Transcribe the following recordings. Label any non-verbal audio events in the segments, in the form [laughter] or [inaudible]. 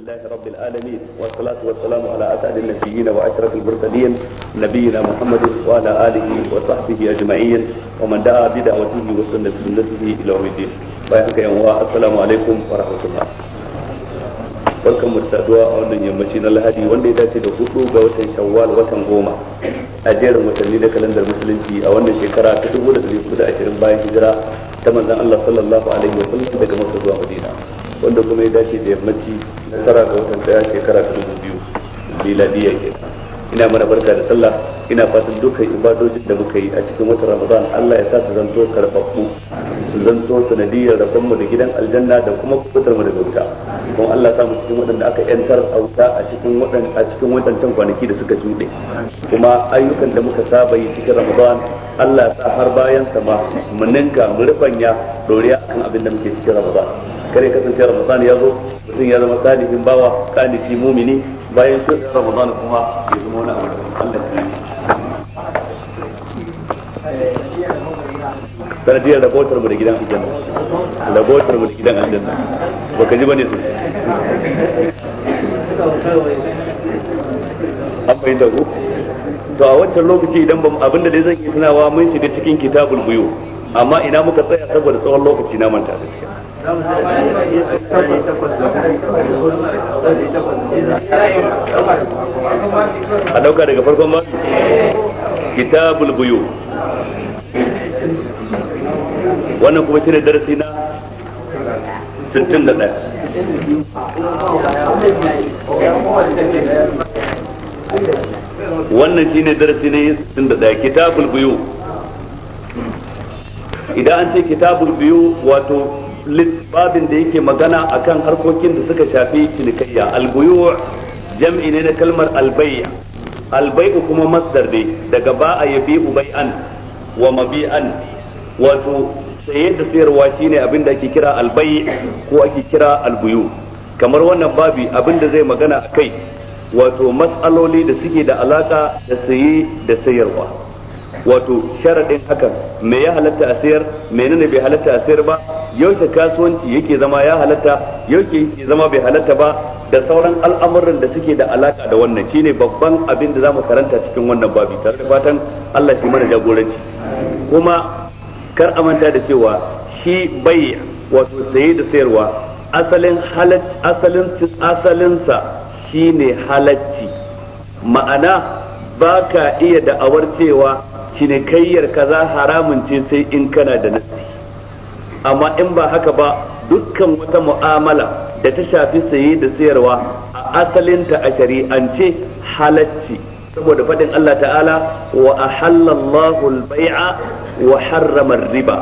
لله رب العالمين والصلاة والسلام على أسعد النبيين وأشرف المرسلين نبينا محمد وعلى آله وصحبه أجمعين ومن دعا بدعوته وسنة سنته إلى يوم الدين بارك يا السلام عليكم ورحمة الله barkan mu saduwa a wannan yammaci na lahadi wanda ya dace da hudu ga watan shawwal watan goma a jerin watanni na kalandar musulunci a wannan shekara ta dubu da da ashirin bayan hijira ta manzon Allah sallallahu alaihi wa sallam daga masa zuwa Madina wanda kuma ya dace da yammaci na tara ga watan daya shekara ta dubu biyu miladiya ke ina mana barka da sallah ina fatan dukkan ibadojin da muka yi a cikin watan ramadan Allah ya sa su zanto karfafu su zanto sanadiyar rabon mu da gidan aljanna da kuma kutar mu daga wuta kuma Allah sa mu cikin waɗanda aka yantar a wuta a cikin waɗanda a waɗancan kwanaki da suka juɗe kuma ayyukan da muka saba yi cikin ramadan Allah ya sa har bayan sama mu ninka mu rufanya doriya akan abin da muke cikin ramadan kare kasance ramadan ya zo mutum ya zama salihin bawa kani fi mumini bayan shi ramadan kuma ya zama wani abu Allah ya sanadiyar rabotar mu da gidan aljanna rabotar mu da gidan aljanna ba ji bane su an d'a ku to a wancan lokaci idan ba abin da dai zan yi tunawa mun shiga cikin kitabul buyu amma ina muka tsaya saboda tsawon lokaci na manta gaskiya a dauka daga farkon ba kitabul buyu wannan kuma shi ne darasi na 61 wannan shi ne darasi ne 61 kitabul buyu idan an ce kitabul biyu wato babin da yake magana akan harkokin da suka shafi cinikayya albuyu jam'i ne na kalmar albayya albayu kuma masdar ne daga ba'a yabi ubay'an wa mabi'an wato saye da sayarwa shine abin da ake kira albayi ko ake kira albuyu kamar wannan babi abin da zai magana akai wato matsaloli da suke da alaka da saye da sayarwa wato sharadin hakan me ya halatta a sayar menene bai halatta a sayar ba yaushe kasuwanci yake zama ya halatta yaushe yake zama bai halatta ba da sauran al'amuran da suke da alaka da wannan shine babban abin da zamu karanta cikin wannan babi tare da fatan Allah shi mana jagoranci kuma kar a manta da cewa shi bai wato saye da sayarwa asalin halat asalin asalinsa shine halacci ma'ana baka ka iya da'awar cewa cinikayyar kaza haramun ce sai in kana da nasi amma in ba haka ba dukkan wata mu'amala da ta shafi saye da sayarwa a asalinta a shari'ance halacci saboda faɗin Allah ta'ala wa ahallallahu al-bai'a wa harrama riba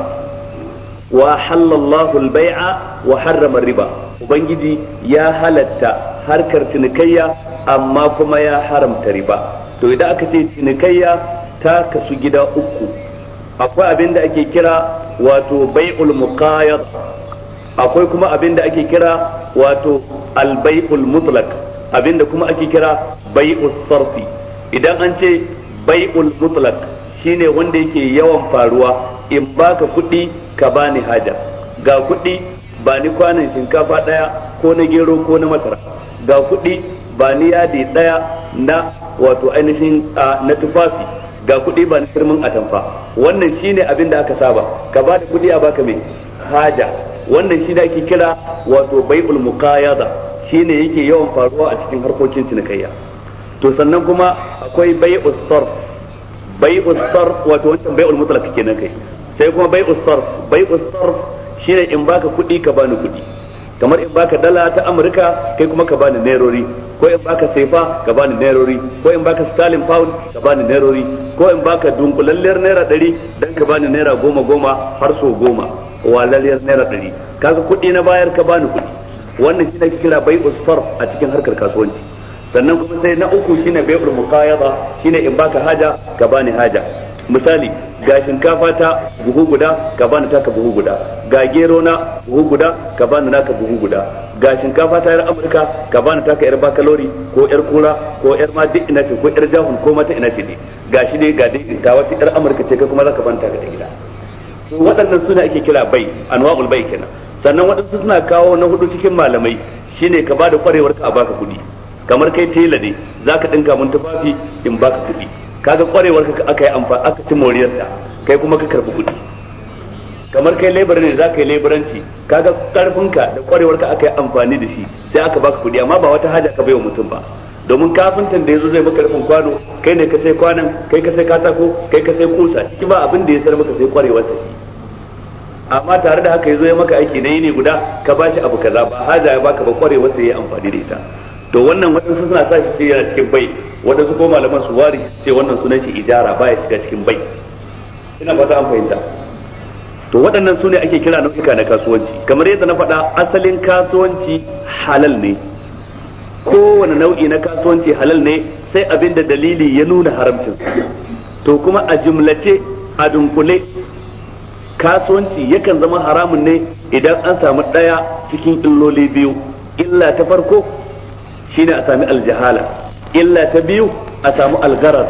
wa ahallallahu al-bai'a wa harrama riba ubangiji ya halatta harkar cinikayya amma kuma ya haramta riba to idan aka ce cinikayya ta kasu gida uku akwai abin da ake kira wato bai'ul muqayyad akwai kuma abin da ake kira wato al-bai'ul mutlaq abin da kuma ake kira bai'us sarfi idan an ce bai'ul mutlaq shine wanda yake yawan faruwa in baka kuɗi ka bani haja ga kuɗi ba ni kwanan shinkafa ɗaya ko na gero ko na masara ga kuɗi ba ni yadi ɗaya na wato ainihin na tufafi ga kuɗi ba na firmin atamfa wannan shine abin da aka saba ka ba da kuɗi a baka mai haja wannan shine ake kira wato bai'ul muqayada shine yake yawan faruwa a cikin harkokin cinikayya to sannan kuma akwai bai sarf bai sarf wato wancan bai'ul mutlaq kenan kai sai kuma bai'us sarf bai'us sarf shine in baka kuɗi ka bani kuɗi kamar in baka dala ta Amurka kai kuma ka bani nerori ko in baka sefa ka bani nerori ko in baka stalin pound ka bani nerori ko in baka dunkulalliyar naira ɗari dan ka bani naira goma goma har so goma walaliyar naira ɗari kaga kuɗi na bayar ka bani kuɗi wannan shi ake kira bai usfar a cikin harkar kasuwanci sannan kuma sai na uku shine bai'ul muqayyada shine in baka haja ka bani haja misali ga shinkafa ta buhu guda ka bani taka buhu guda ga gero na buhu guda ka bani naka buhu guda ga shinkafa ta yar amurka ka bani taka yar bakalori ko yar kura ko yar ma duk ina ce ko yar jahun ko mata ina ce ga shi dai ga dai ta wata yar amurka ce kai kuma zaka bani taka ta gida waɗannan suna ake kira bai anwa'ul bai kenan sannan waɗansu suna kawo na hudu cikin malamai shine ka bada kwarewar ka a baka kuɗi kamar kai tela ne zaka dinka mun tufafi in baka kuɗi kaga kwarewar ka aka yi amfani aka ci moriyar ta kai kuma ka karbi kuɗi kamar kai lebar ne za yi leburanci kaga ka da kwarewar ka aka yi amfani da shi sai aka baka kuɗi amma ba wata haja ka bai wa mutum ba domin kafintan da yazo zai maka karfin kwano kai ne ka sai kwanan kai ka sai katako kai ka sai kusa shi ba abin da ya sar maka sai kwarewar ta amma tare da haka yazo ya maka aiki na ne guda ka bashi abu kaza ba haja ya baka ba kwarewar ta yayi amfani da ita to wannan waɗansu suna sa shi yana cikin bai waɗansu ko malaman su wari ce wannan sunan shi ijara baya shiga cikin bai ina fata an fahimta to waɗannan su ne ake kira nau'ika na kasuwanci kamar yadda na faɗa asalin kasuwanci halal ne kowane nau'i na kasuwanci halal ne sai abin da dalili ya nuna haramcin to kuma a jumlace a dunkule kasuwanci yakan zama haramun ne idan an samu ɗaya cikin illoli biyu illa ta farko shine a sami aljahala illa ta biyu a samu algarar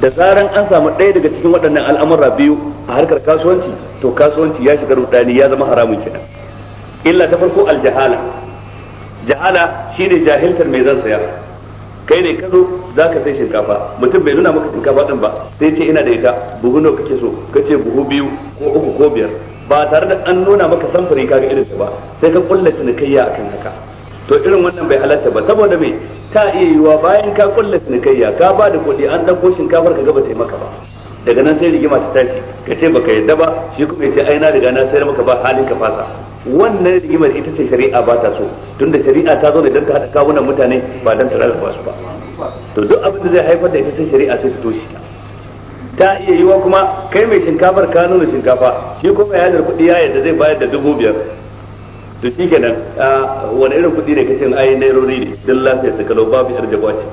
da zaran an samu ɗaya daga cikin waɗannan al'amura biyu a harkar kasuwanci to kasuwanci ya shiga rudani ya zama haramun kenan illa ta farko aljahala jahala shine jahiltar mai zan saya kai ne kazo zaka za ka sai shinkafa mutum bai nuna maka shinkafa din ba sai ce ina da ita buhu nawa kake so ce buhu biyu ko uku ko biyar ba tare da an nuna maka samfuri kaga irin ba sai ka kulla cinikayya akan haka to irin wannan bai halatta ba saboda me ta iya yiwa bayan ka kulla sinikayya ka ba da kuɗi an ɗauko shinkafar ka gaba taimaka ba daga nan sai rigima ta tashi ka ce baka yadda ba shi kuma ya ce ai na riga na sayar maka ba halin ka fasa wannan rigimar ita ce shari'a ba ta so tunda shari'a ta zo da don ta kawunan mutane ba dan tarar ba su ba to duk abin da zai haifar da ita ce shari'a sai ta toshe ta ta iya yiwa kuma kai mai shinkafar ka nuna shinkafa shi kuma ya da kuɗi ya yadda zai bayar da dubu biyar to shi kenan wani irin kuɗi ne ayi na nairori ne don lafiya ta kalau babu yar jaba ce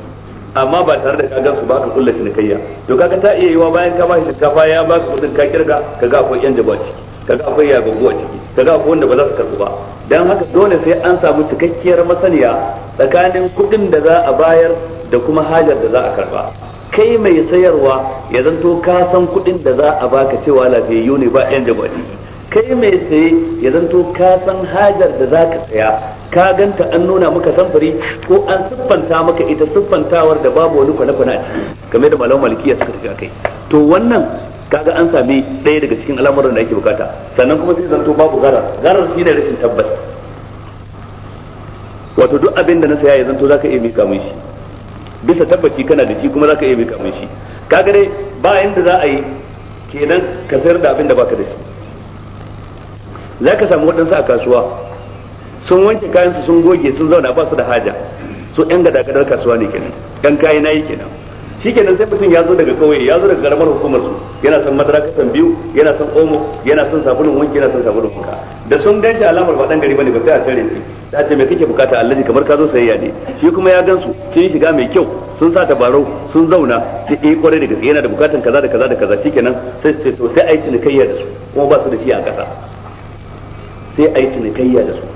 amma ba tare da kagan su ba ka kulle ni kayya to kaga ta iya yiwa bayan ka ba shi shinkafa ya ba ka kuɗin ka kirga ga akwai yan jaba ciki ga akwai ya gogo ciki ka ga akwai wanda ba za su karbu ba dan haka dole sai an samu cikakkiyar masaniya tsakanin kuɗin da za a bayar da kuma hajar da za a karba kai mai sayarwa ya zanto ka san kuɗin da za a baka cewa lafiyayyu ne ba yan jaba ciki kai mai saye ya zanto ka san hajar da za ka saya ka ganta an nuna maka samfari ko an siffanta maka ita siffantawar da babu wani kwana-kwana a ciki game da maliki ya suka tafi akai to wannan kaga an sami ɗaya daga cikin al'amuran da ake bukata sannan kuma sai zanto babu gara gara shi ne rashin tabbas wato duk abin da na saya ya zanto ka iya mika mun shi bisa tabbaci kana da shi kuma za ka iya mika mun shi kaga dai ba inda za a yi kenan ka sayar da abin da baka da shi za ka samu waɗansu a kasuwa sun wanke kayansu sun goge sun zauna ba su da haja su yan gadagadar kasuwa ne kenan yan kayi nayi kenan shi kenan sai mutum ya zo daga kauye ya zo daga karamar hukumar su yana son madara kasan biyu yana son omo yana son sabulun wanki yana son sabulun wanka da sun gan shi alamar ba dan gari bane ba sai a tare shi ta ce me kake bukata allaji kamar ka zo sayayya ne shi kuma ya gan su sun shiga mai kyau sun sa tabarau sun zauna sai eh kwarai da gaske yana da bukatan kaza da kaza da kaza shikenan sai sai to ne kai ya da su kuma ba su da shi a kasa sai a yi cinikayya da su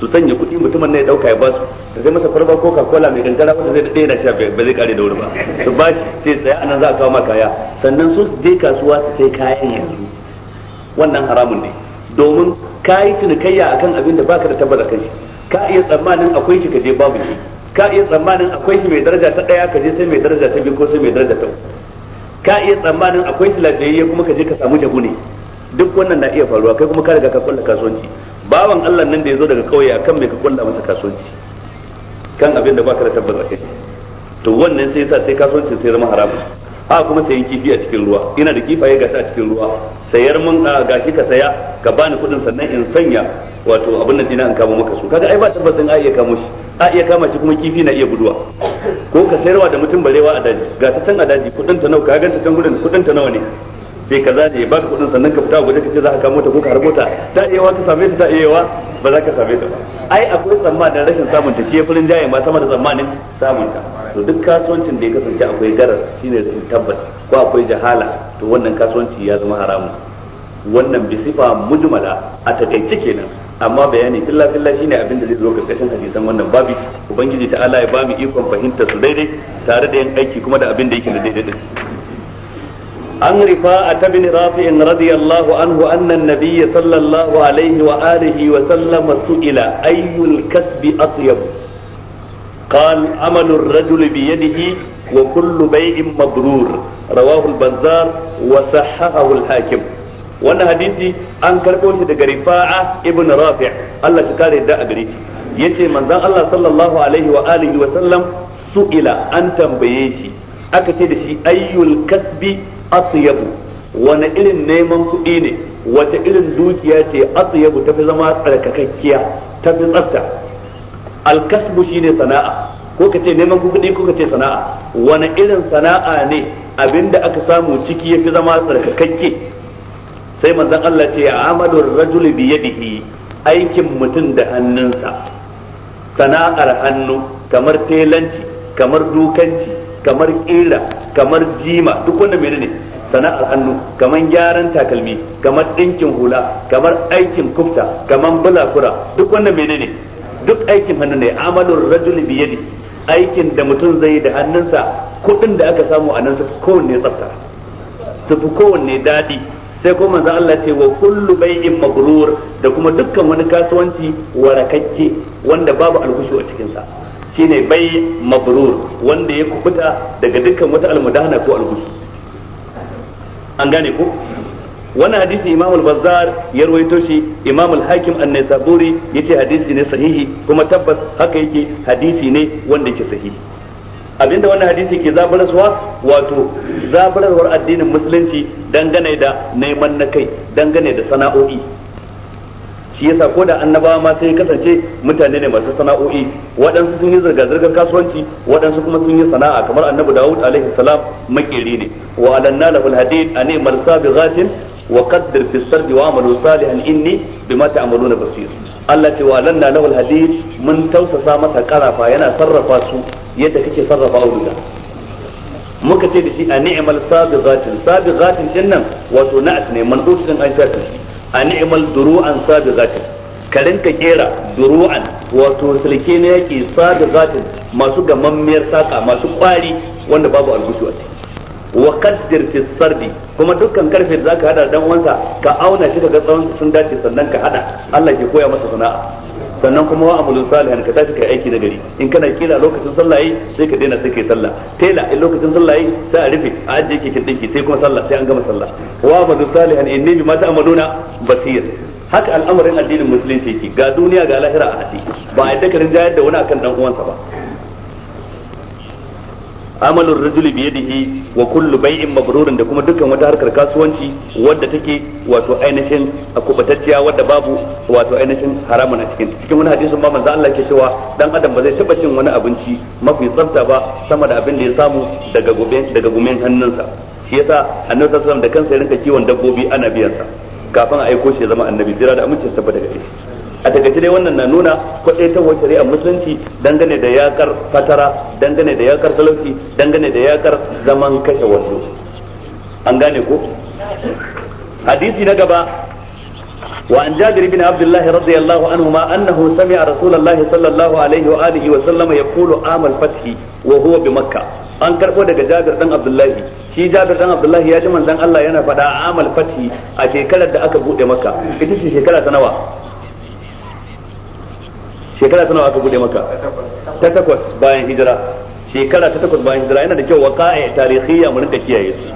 su sanya kuɗi mutumin ne ya dauka ya ba su da zai masa kwalba coca cola mai gangara wanda zai daɗe na sha ba zai kare da wuri ba su ba shi sai tsaya nan za a kawo ma kaya sannan su je kasuwa su sai kayan yanzu wannan haramun ne domin ka yi cinikayya a kan abin da baka da tabbata kan shi ka iya tsammanin akwai shi ka je babu shi ka iya tsammanin akwai shi mai daraja ta ɗaya ka je sai mai daraja ta biyu ko sai mai daraja ta uku ka iya tsammanin akwai shi lafiyayye kuma ka je ka samu jabu ne duk wannan na iya faruwa kai kuma ka riga ka kulla kasuwanci bawan Allah nan da ya zo daga kauye akan mai ka kulla masa kasuwanci kan abin da baka da tabbata kai to wannan sai yasa sai kasuwanci sai zama haramun a kuma sayan kifi a cikin ruwa ina da kifaye ga a cikin ruwa sayar mun gashi ka saya ka bani kuɗin sannan in sanya wato abin nan dina in kama maka su kaga ai ba tabbacin a iya kamo shi a iya kama shi kuma kifi na iya buduwa ko ka sayarwa da mutum barewa a daji ga ta can a daji kudin ta nawa ka ganta can gudun kuɗin ta nawa ne bai ka zaje ba ka kudin sannan ka fita guje ka ce za ka kamo ta ko ka harbo ta ta iya wa ka same ta ta iya wa ba za ka same ta ba ai akwai tsammanin rashin samun ta ke furin jaye ma sama da tsammanin samun ta to duk kasuwancin da ya kasance akwai garar shine rashin tabbata ko akwai jahala to wannan kasuwanci ya zama haramun wannan bi sifa mujmala a takaice kenan amma bayani filla filla shine abin da zai zo karkashin hadisan wannan babi ubangiji ta Allah ya ba mu ikon fahimta su daidai tare da yin aiki kuma da abin da yake da daidai عن رفاعة بن رافع رضي الله عنه أن النبي صلى الله عليه وآله وسلم سئل أي الكسب أطيب قال عمل الرجل بيده وكل بيع مبرور رواه البزار وصححه الحاكم wannan hadisi an karɓo shi daga rifa'a ibn rafi' Allah a gare ya yace manzon Allah sallallahu alaihi wa alihi wa sallam su'ila an tambaye shi aka ce da shi ayyul kasbi atyabu wani irin neman kuɗi ne wata irin dukiya ce atyabu tafi zama tsarkakakkiya tafi tsafta alkasbu shine sana'a ko ka ce neman kuɗi ko ka ce sana'a wani irin sana'a ne abinda aka samu ciki yafi zama tsarkakakke sai manzon Allah ce amalur rajuli bi yadihi aikin mutum da hannunsa sana'ar hannu kamar telanci kamar dukanci kamar ƙira kamar jima duk wanda ne sana'ar hannu kamar gyaran takalmi kamar ɗinkin hula kamar aikin kufta kamar bulakura duk wanda ne duk aikin hannu ne amalur rajuli biyadi aikin da mutum zai yi da hannunsa kuɗin da aka samu a nan su kowanne tsafta su fi kowanne daɗi sai kuma manzo Allah ce wa kullu bai'in mabrur da kuma dukkan wani kasuwanci warakakke wanda babu alhushu a cikinsa. shine bai mabrur wanda ya kubuta daga dukkan wata almudahana ko alhus an gane ko wannan hadisi Imam al-Bazzar ya rawaito shi Imam al-Hakim an-Naisaburi yace hadisi ne sahihi kuma tabbas haka yake hadisi ne wanda yake sahihi abinda wannan hadisi ke zabaraswa wato zabararwar addinin musulunci dangane da neman na kai dangane da sana'o'i shi yasa ko da annabawa ma sai kasance mutane ne masu sana'o'i waɗansu sun yi zirga-zirgar kasuwanci waɗansu kuma sun yi sana'a kamar annabi dawud alaihi salam makeri ne wa alanna lahul hadid ani marsa bi ghatin wa qaddir fi sardi wa amalu salihan inni bima ta'maluna basir Allah ce wa alanna lahul hadid mun tausasa masa karafa yana sarrafa su yadda kake sarrafa auduga muka ce da shi a ni'mal sabighatin sabighatin dinnan wato na'at ne mandus din an shafe shi an imal duru'an sabiqatin ka rinka kera duru'an wato sulke na yaki zafin masu gamammiyar saka masu kwari wanda babu algushu a wa kaddir fi sardi kuma dukkan karfe da zaka hada dan wansa ka auna shi ga tsawon sun dace sannan ka hada Allah ke koya masa sana'a sannan kuma wa amalun salihan ka tashi kai aiki na gari in kana kila lokacin sallah yi sai ka daina sai kai sallah tela in lokacin sallah yi sai a rufe a ajiye kike dinki sai kuma sallah sai an gama sallah wa amalun salihan inni bima ta'maluna basir haka al'amarin addinin musulunci yake ga duniya ga lahira a hadi ba a yadda ka da wani akan dan uwansa ba amalur rajuli bi yadihi wa kullu bay'in mabrurin da kuma dukkan wata harkar kasuwanci wadda take wato ainihin akubatacciya wadda babu wato ainihin haramun a cikin cikin wani hadisin ba manzo Allah ke cewa dan adam ba zai taba cin wani abinci mafi tsafta ba sama da abin da ya samu daga gobe daga gumen hannunsa shi yasa annabi sallallahu alaihi wasallam da kansa ya rinka kiwon dabbobi ana biyan sa kafin a aiko shi zama annabi jira da amincin sa daga shi a takaice dai wannan na nuna ta kwadaitarwar a musulunci dangane da yakar fatara dangane da yakar talauci dangane da yakar zaman kashe wasu an gane ko hadisi na gaba jabir جابر abdullah radiyallahu anhu ma annahu sami'a rasulullahi sallallahu alaihi wa alihi wa عليه yaqulu amal fathi wa huwa bi makkah an karɓo daga Jabir dan Abdullahi shi Jabir dan Abdullahi ya ji manzon Allah yana faɗa amal fathi a shekarar da aka bude makkah ita ce shekara ta nawa shekara ta nawa aka bude maka ta takwas bayan hijira shekara ta takwas bayan hijira yana da kyau waqa'i tarihiyya mu rinka kiyaye su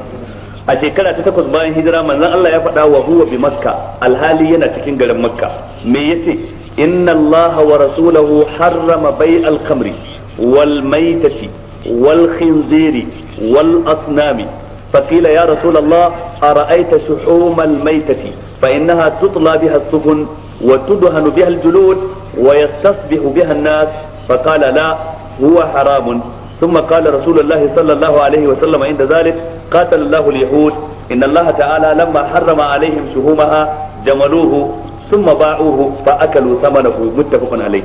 a shekara ta takwas bayan hijira manzon Allah ya faɗa wa huwa bi makka alhali yana cikin garin makka me yace inna Allaha wa rasulahu harrama bai'al khamri wal maitati wal khinziri wal asnami فقيل يا رسول الله أرأيت شحوم الميتة فإنها تطلى بها السفن وتدهن بها الجلود ويستصبح بها الناس فقال لا هو حرام ثم قال رسول الله صلى الله عليه وسلم عند ذلك قاتل الله اليهود إن الله تعالى لما حرم عليهم شهومها جملوه ثم باعوه فأكلوا ثمنه متفق عليه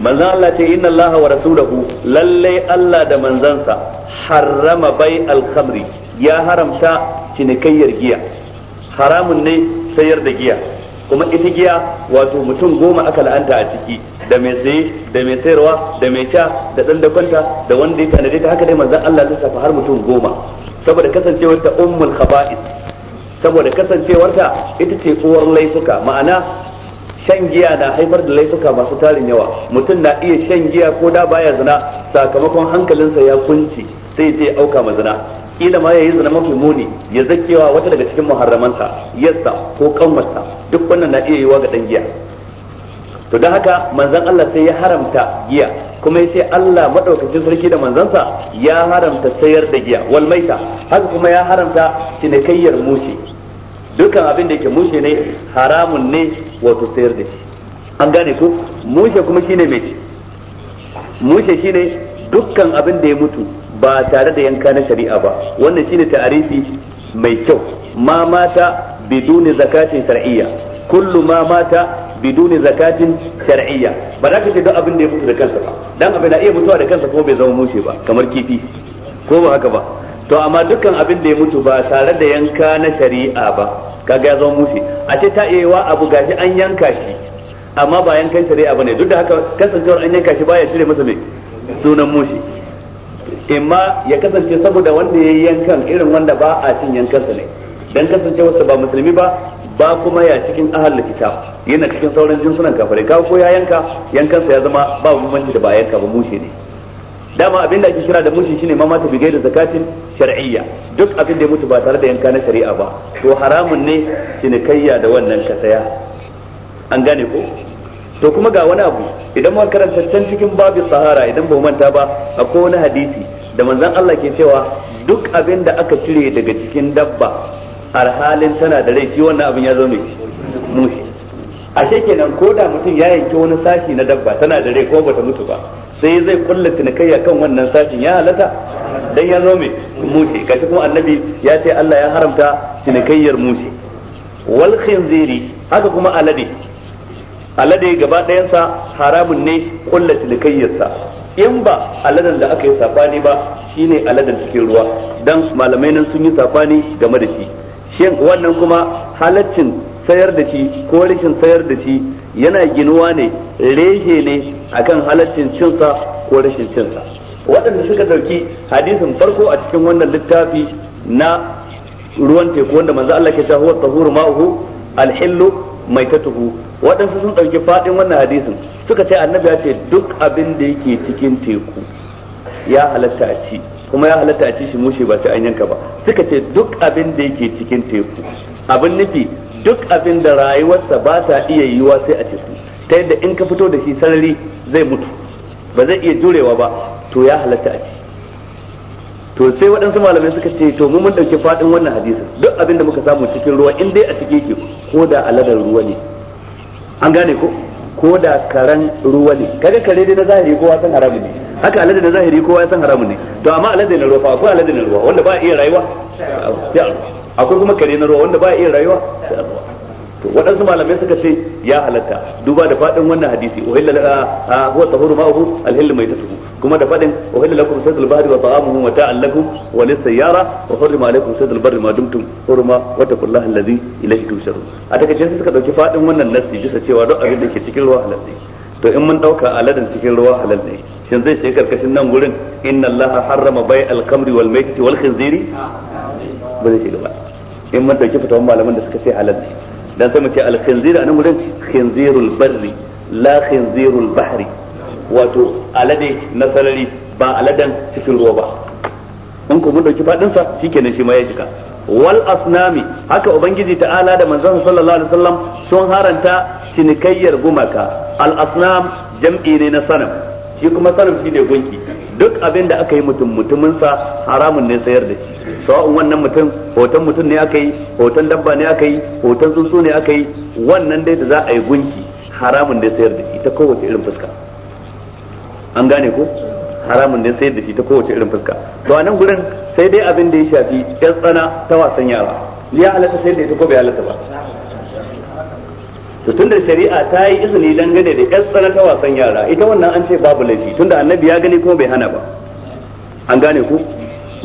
manzan Allah ce inna Allah wa rasulahu lallai Allah da manzansa harrama bai alkhamri ya haramta cinikayyar giya haramun ne sayar da giya kuma ita giya wato mutum goma aka la'anta a ciki da mai saye da mai sayarwa da mai sha da dan da kwanta da wanda ya tanade ta haka dai manzan Allah ya safa har mutum goma saboda kasancewar ta ummul khaba'is saboda kasancewarta ita ce uwar laifuka ma'ana shan giya na haifar da laifuka masu tarin yawa mutum na iya shan giya ko da baya zina sakamakon hankalinsa ya kunci sai zai auka ma zina kila ma yayi zina mafi muni ya zakewa wata daga cikin muharramansa yassa ko kanwarsa duk wannan na iya yiwa ga dan giya to dan haka manzon Allah sai ya haramta giya kuma ya ce Allah madaukakin sarki da manzansa ya haramta sayar da giya wal maita haka kuma ya haramta cinikayyar mushi dukan abin da yake mushi ne haramun ne wato sayar da shi an gane ko mushe kuma shine mai mushe shine dukkan abin da ya mutu ba tare da yanka na shari'a ba wannan shine ta'arifi mai kyau ma mata biduni zakatin shar'iyya kullu ma mata biduni zakatin shar'iyya ba za ka ce duk abin da ya mutu da kansa ba dan abin da iya mutuwa da kansa ko bai zama mushe ba kamar kifi ko ba haka ba to amma dukkan abin da ya mutu ba tare da yanka na shari'a ba kaga ya zama mushe a ce ta iya wa abu gashi an yanka shi amma ba yankan shari'a bane duk da haka kasancewar an yanka shi baya cire masa mai sunan mushe imma ya kasance saboda wanda ya yankan irin wanda ba a cin yankansa ne dan kasancewarsa ba musulmi ba ba kuma ya cikin ahal kitab yana cikin sauran jinsunan kafirai kawo ko ya yanka yankansa ya zama ba bambanci da ba yanka ba mushe ne dama abin da ake kira da mushi shine ma mata bigai da zakatin shar'iyya duk abin da ya mutu ba tare da yanka na shari'a ba to haramun ne cinikayya da wannan ka an gane ko to kuma ga wani abu idan muka karanta can cikin babu sahara idan ba manta ba akwai wani hadisi da manzon Allah ke cewa duk abin da aka cire daga cikin dabba har halin tana da rai shi wannan abin ya zo ne mushi ashe kenan ko da mutum ya yanke wani sashi na dabba tana da rai ko bata mutu ba sai zai kulla a kan wannan sashin ya halatta dan ya zo mushe kashi kuma annabi ya ce Allah ya haramta tinikayyar mushe wal khinziri haka kuma alade alade gaba dayansa haramun ne kulla sa in ba aladen da aka yi safani ba shine aladen cikin ruwa dan malamai nan sun yi safani game da shi shin wannan kuma halaccin sayar da shi ko rashin sayar da shi yana ginuwa ne rehe ne akan halaccin cinsa ko rashin cinsa waɗanda suka ɗauki hadisin farko a cikin wannan littafi na ruwan teku wanda manzo Allah ke shahu huwa tahuru ma'uhu alhillu tuhu waɗansu sun ɗauki faɗin wannan hadisin suka ce annabi ya ce duk abin da yake cikin teku ya halatta a ci kuma ya halatta a ci shi mushe ba sai an yanka ba suka ce duk abin da yake cikin teku abin nufi duk abin da rayuwarsa ba ta iya yiwa sai a teku ta yadda in ka fito da shi sarari zai mutu ba zai iya jurewa ba to ya halatta a ci to sai waɗansu malamai suka ce to mu mun ɗauki faɗin wannan hadisi duk abin da muka samu cikin ruwa in dai a cike ke ko da aladar ruwa ne an gane ko ko da karan ruwa ne kaga kare dai na zahiri kowa san haramun ne haka aladar na zahiri kowa ya san haramun ne to amma aladar na ruwa fa akwai aladar na ruwa wanda ba iya rayuwa sai a ruwa akwai kuma kare na ruwa wanda ba iya rayuwa sai a ruwa to waɗansu malamai suka ce ya halatta duba da faɗin wannan hadisi uhilla a huwa tahuru ma'ahu alhillu mai tasuhu kuma da faɗin uhilla lakum saydul bahri wa ta'amuhu wa ta'al lakum wa lis-sayyara wa hurrima alaykum saydul barri ma dumtum hurma wa taqullaha allazi ilayhi tusharun a takaice sai suka dauki faɗin wannan nasi bisa cewa duk abin da ke cikin ruwa halal ne to in mun dauka aladan cikin ruwa halal ne shin zai shiga karkashin nan gurin inna allaha harrama bai al-kamri wal maitati wal khinziri ba zai shiga ba in mun dauki fitawan malaman da suka ce halal dan sai mu ce al khinzir anan gurin khinzirul barri la khinzirul bahri wato alade na sarari ba aladan cikin ruwa ba in ku mun dauki fadin sa shikenan shi ma ya jika wal asnami haka ubangiji ta'ala da manzon sallallahu alaihi wasallam sun haranta cinikayyar gumaka al asnam jam'i ne na sanam shi kuma sanam shi ne gunki duk abin da aka yi mutum mutumin sa haramun ne sayar da shi sawa'un wannan mutum hoton mutum ne aka yi hoton dabba ne aka yi hoton tsuntsu ne aka yi wannan dai da za a yi gunki haramun ne sayar da shi ta kowace irin fuska an gane ko haramun ne sayar da shi ta kowace irin fuska to a nan gurin sai dai abin da ya shafi yan tsana ta wasan yara ya halatta sayar da ita ko bai halatta ba to tunda shari'a ta yi izini dangane da ƴan tsana ta wasan yara ita wannan an ce babu laifi tunda annabi ya gani kuma bai hana ba an gane ku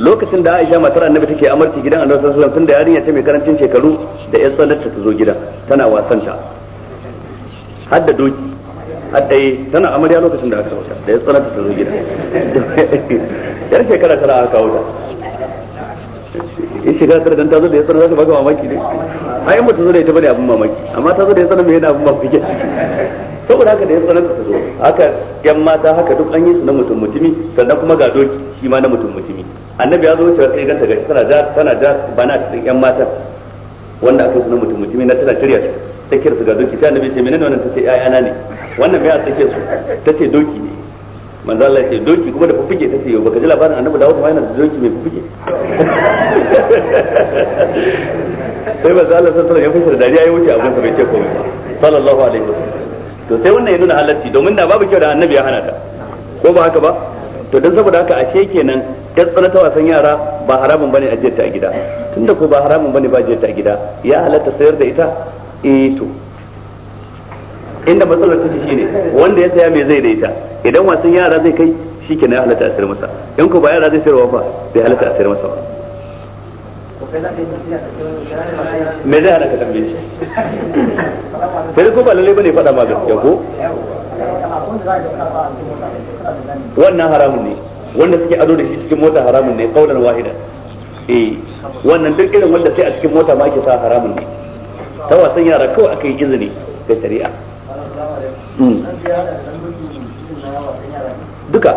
lokacin da Aisha matar annabi take amarci gidan Annabi sallallahu alaihi wasallam tunda yarinya ta mai karancin shekaru da ƴan tsanar ta zo gida, tana wasan ta har da doki har da eh, tana amarya lokacin da aka ta da ƴan tsanar ta zo gida. [laughs] yar shekara tara aka kawo ta in shekara tara dan ta zo da ƴan tsanar za ta baka mamaki ne ai in mutum zo da ita bane abin mamaki amma ta zo da ya sanar mai yana abin mamaki saboda haka da ya sanar ta zo haka yan mata haka duk an yi su na mutum mutumi sannan kuma ga doki shi ma na mutum mutumi annabi ya zo wucewa sai ganta ga tana da tana da bana cikin yan mata wanda aka yi su na mutum mutumi na tana shirya su kira su ga doki sai annabi ce menene wannan tace ayana ne wannan bai a tsakiyar su tace doki ne manzo Allah ce doki kuma da fufuke tace yau baka ji labarin annabi Dawud ma yana da doki mai fufuke [laughs] sai ba Allah sai sai ya fushi da dariya ya wuce abin sa bai ce komai ba sallallahu alaihi wasallam to sai wannan ya nuna halarci domin da babu kyau da annabi ya hana ta ko ba haka ba to dan saboda haka ashe kenan gaskana ta wasan yara ba haramun bane ajiyar ta a gida tunda ko ba haramun bane ba ajiyar ta a gida ya halatta sayar da ita eh to inda matsalar ta shi ne wanda ya saya mai zai da ita idan wasan yara zai kai shi kenan ya halatta a sayar masa in ko ba yara zai sayarwa ba bai halatta a sayar masa ba me zai hana ka tambaye shi sai ko ba lalle bane faɗa ma gaskiya ko wannan haramun ne wanda suke ado da shi cikin mota haramun ne kaular wahida eh wannan duk irin wanda sai a cikin mota ma ake sa haramun ne ta wasan yara kawai aka yi izini ga shari'a hmm. duka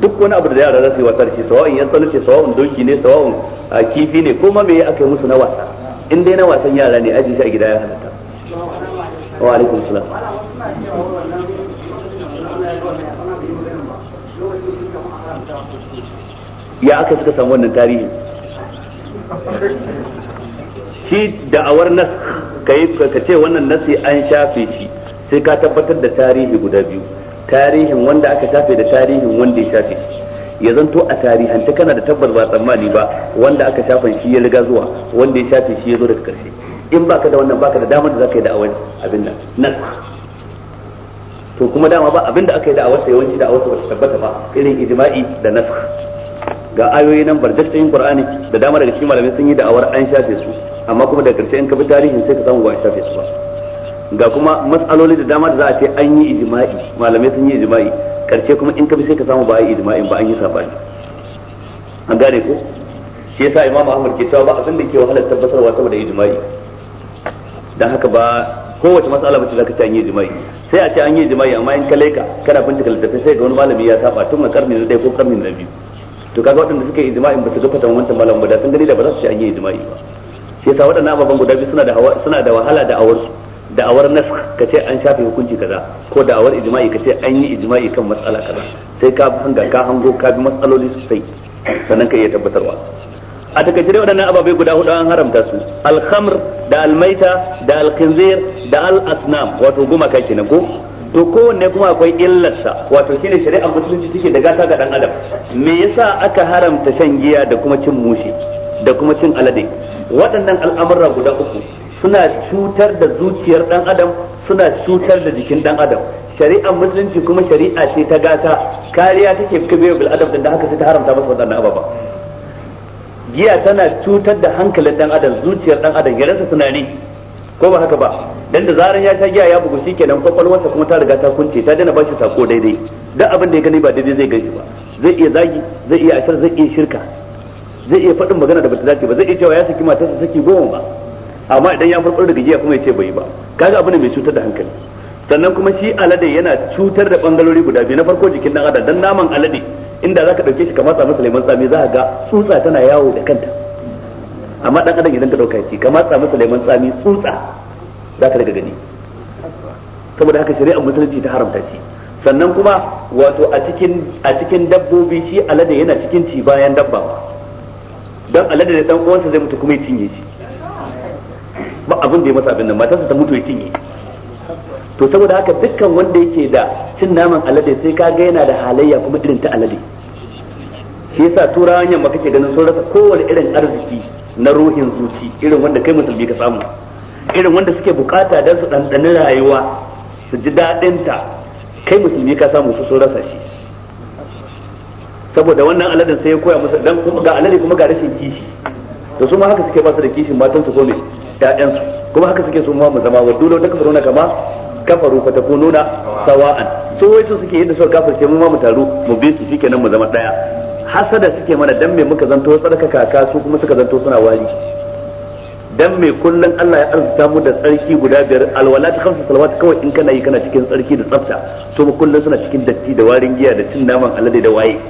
duk wani abu da yara za su yi wasa da shi sawa'in yan ce sawa'in doki ne sawa'un kifi ne ko ma me aka yi musu na wasa in dai na wasan yara ne aji shi a gida ya halatta wa alaikum salam ya aka suka samu wannan tarihi shi da awar nas ka ce wannan nasi an shafe shi sai ka tabbatar da tarihi guda biyu tarihin wanda aka shafe da tarihin wanda ya shafe ya zanto a tarihan ta kana da tabbas ba tsammani ba wanda aka shafe shi ya riga zuwa wanda ya shafe shi ya zo daga karshe in baka da wannan baka da damar da zaka yi da'awar abin nan nan to kuma dama ba abin da aka yi da'awar sa yawanci da'awar sa ba ta tabbata ba irin ijma'i da nas ga ayoyi nan yin qur'ani da dama daga cikin malamai sun yi da'awar an shafe su amma kuma daga karshe in ka bi tarihin sai ka samu ba a shafe su ba ga kuma matsaloli da dama da za a ce an yi ijima'i malamai sun yi ijima'i karshe kuma in ka bi sai ka samu ba a yi ijima'i ba an yi sabani an gane ko shi yasa imamu ahmad ke cewa ba abin da ke wahalar tabbatarwa saboda ijima'i. dan haka ba kowace matsala bace zaka ce an yi ijima'i sai a ce an yi ijima'i amma in ka leka kana bincika littafi sai ga wani malami ya saba tun a karni na ɗaya ko karni na biyu to kaga waɗanda suka yi ijma'in ba su ga fata wancan malamin ba da sun gani da ba za su ce an yi ijima'i ba shi yasa waɗannan ababen guda biyu suna da suna da wahala da awarsu da'awar nask ka ce an shafe hukunci kaza ko da'awar ijma'i ka ce an yi ijma'i kan matsala kaza sai ka hanga ka hango ka bi matsaloli sosai sannan ka iya tabbatarwa a daga jire waɗannan ababai guda hudu an haramta su alhamr da almaita da alkinzir da al-asnam wato gumaka kenan ko to kowanne kuma akwai illarsa wato shine shari'a musulunci take da gata ga dan adam me yasa aka haramta shan giya da kuma cin mushi da kuma cin alade waɗannan al'amurra guda uku suna cutar da zuciyar dan adam suna cutar da jikin dan adam shari'ar musulunci kuma shari'a ce ta gata kariya take kabe bil adam din da haka sai ta haramta masa wadannan ababa giya tana cutar da hankalin dan adam zuciyar dan adam ya rasa tunani ko ba haka ba dan da zaran ya sha giya ya bugu shikenan kwakwalwarsa kuma ta riga ta kunce ta dana bashi sako daidai duk abin da ya gani ba daidai zai gani ba zai iya zagi zai iya ashar zai iya shirka zai iya faɗin magana da bata dace ba zai iya cewa ya saki matarsa saki goma ba amma idan ya farfar da gajiya kuma ya ce bai ba kaga abu ne mai cutar da hankali sannan kuma shi alade yana cutar da bangalori guda biyu na farko jikin dan adam dan naman alade inda zaka dauke shi kamar tsamin Sulaiman tsami za ka ga tsutsa tana yawo da kanta amma dan adam idan ka dauka shi kamar tsamin Sulaiman tsami tsutsa za ka daga gani saboda haka shari'ar musulunci ta haramta shi sannan kuma wato a cikin a cikin dabbobi shi alade yana cikin ci bayan dabba dan alade da dan uwansa zai mutu kuma ya cinye shi ba abin da ya masa abin nan matarsa ta mutu ya cinye to saboda haka dukkan wanda yake da cin naman alade sai ka ga yana da halayya kuma irin ta alade shi yasa turawan yamma kake ganin sun rasa kowane irin arziki na ruhin zuci irin wanda kai musulmi ka samu irin wanda suke bukata don su ɗanɗani rayuwa su ji daɗinta kai musulmi ka samu su sun rasa shi saboda wannan aladen sai ya koya musu dan ga alade kuma ga rashin kishi to su ma haka suke ba su da kishin matan su ko ne ƴaƴansu kuma haka suke su ma mu zama waddu law takfuruna kama kafaru fa takununa sawa'an so wai su suke yadda suka kafirce mu ma mu taru mu bi su nan mu zama daya hasada suke mana dan me muka zanto tsarka kaka su kuma suka zanto suna wari dan me kullun Allah ya arzuta mu da tsarki guda biyar alwalat khamsu salawat kawai in kana yi kana cikin tsarki da tsafta so mu kullun suna cikin datti da warin giya da cin naman alade da waye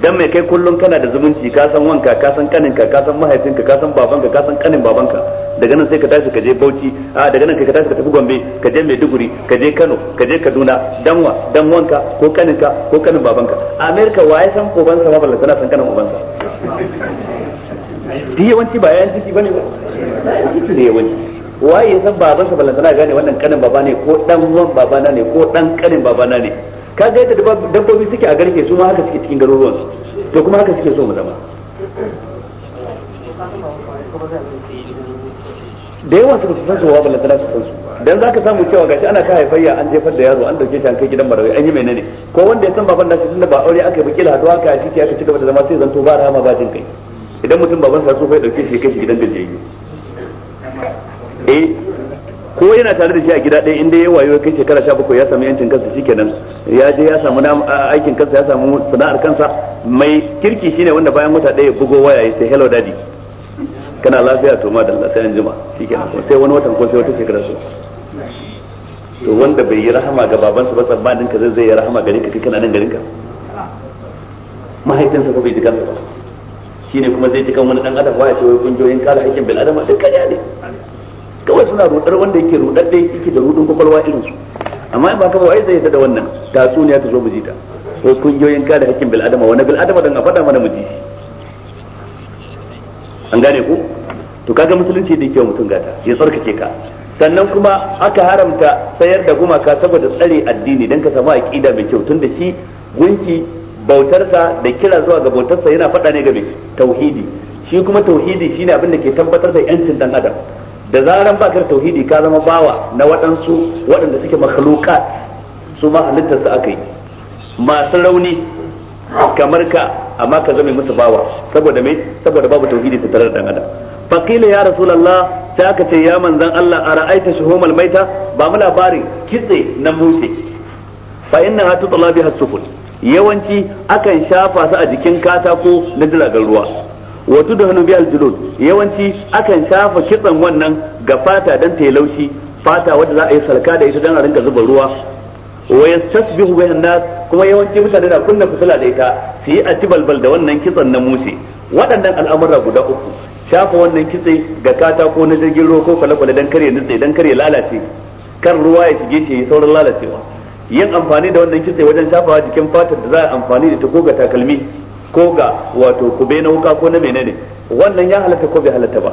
dan mai kai kullum kana da zumunci ka san wanka ka san kaninka ka san mahaifinka ka san babanka ka san kanin babanka daga nan sai ka tashi ka je Bauchi a daga nan kai ka tashi ka tafi Gombe ka je Maiduguri ka je Kano ka je Kaduna dan wa dan wanka ko kaninka ko kanin babanka a America waye san babansa ba balle sana san kanin babansa di yawanci ba yayan ciki bane ba ciki ne yawanci waye san babansa balle sana gane wannan kanin baba ne ko dan uwan babana ne ko dan kanin babana ne ka ga yadda dabbobi suke a garke su ma haka suke cikin garuruwan su to kuma haka suke so mu zama da yawa su san su wa balla su san su dan zaka samu cewa gashi ana ka haifayya an jefar da yaro an dauke shi an kai gidan marawai an yi nane ko wanda ya san baban nashi tunda ba aure aka yi ba kila haduwa ka shi aka ci gaba da zama sai zanto ba rahama ba jin kai idan mutum baban sa so bai dauke shi kai shi gidan da jeyi eh ko yana tare da shi a gida ɗaya inda ya wayo kai shekara sha bakwai ya samu yancin kansa shikenan ya je ya samu aikin kansa ya samu sana'ar kansa mai kirki shine wanda bayan wata ɗaya bugo waya ya ce hello daddy kana lafiya to ma da Allah sai an jima shikenan sai wani watan ko sai wata shekara su to wanda bai yi rahama ga babansa ba tsammanin ka zai yi rahama garin ka kana nan garin ka mahaifinsa ko bai ji kansa ba shine kuma zai ji kan wani dan adam waya ce wai kungiyoyin kala hakkin bil adama duk kariya ne kawai suna rudar wanda yake dai yake da rudin kwakwalwa irin su amma in ba ka wai zai yadda da wannan tatsuniya ta zo mu ji ta wasu kungiyoyin kada hakkin bil adama wani bil adama dan a faɗa mana mu ji an gane ku to kaga musulunci da yake mutum gata ya tsarkake ka sannan kuma aka haramta sayar da gumaka saboda tsare addini dan ka samu aqida mai kyau tunda shi gunki bautarsa da kira zuwa ga bautarsa yana faɗa ne ga mai tauhidi shi kuma tauhidi shine abin da ke tabbatar da yancin dan adam da zaran ba ka tauhidi ka zama bawa na waɗansu waɗanda suke makhluqat su ma halittarsu aka yi masu rauni kamar ka amma ka zama musu bawa saboda me saboda babu tauhidi ta tarar dan adam faqila ya rasulullah sai aka ce ya manzon Allah ara'aita shuhumal maita ba mu labarin kitse na mutse fa inna hatu talabi sufun yawanci akan shafa su a jikin katako na jiragen ruwa da hannu biyar aljulud yawanci akan shafa kitsan wannan ga fata dan ta laushi fata wadda za a yi salka da ita dan a rinka zuba ruwa wa biyu bayan nas kuma yawanci mutane na kunna fitila da ita su yi balbal da wannan kitsan na mushe waɗannan al'amura guda uku shafa wannan kitse ga katako na jirgin ruwa ko kwale-kwale don kare nutse don kare lalace kan ruwa ya shige shi sauran lalacewa yin amfani da wannan kitse wajen shafawa jikin fatar da za a amfani da ta ko ga takalmi ko ga wato kube na wuka ko na menene wannan ya halatta ko bai halatta ba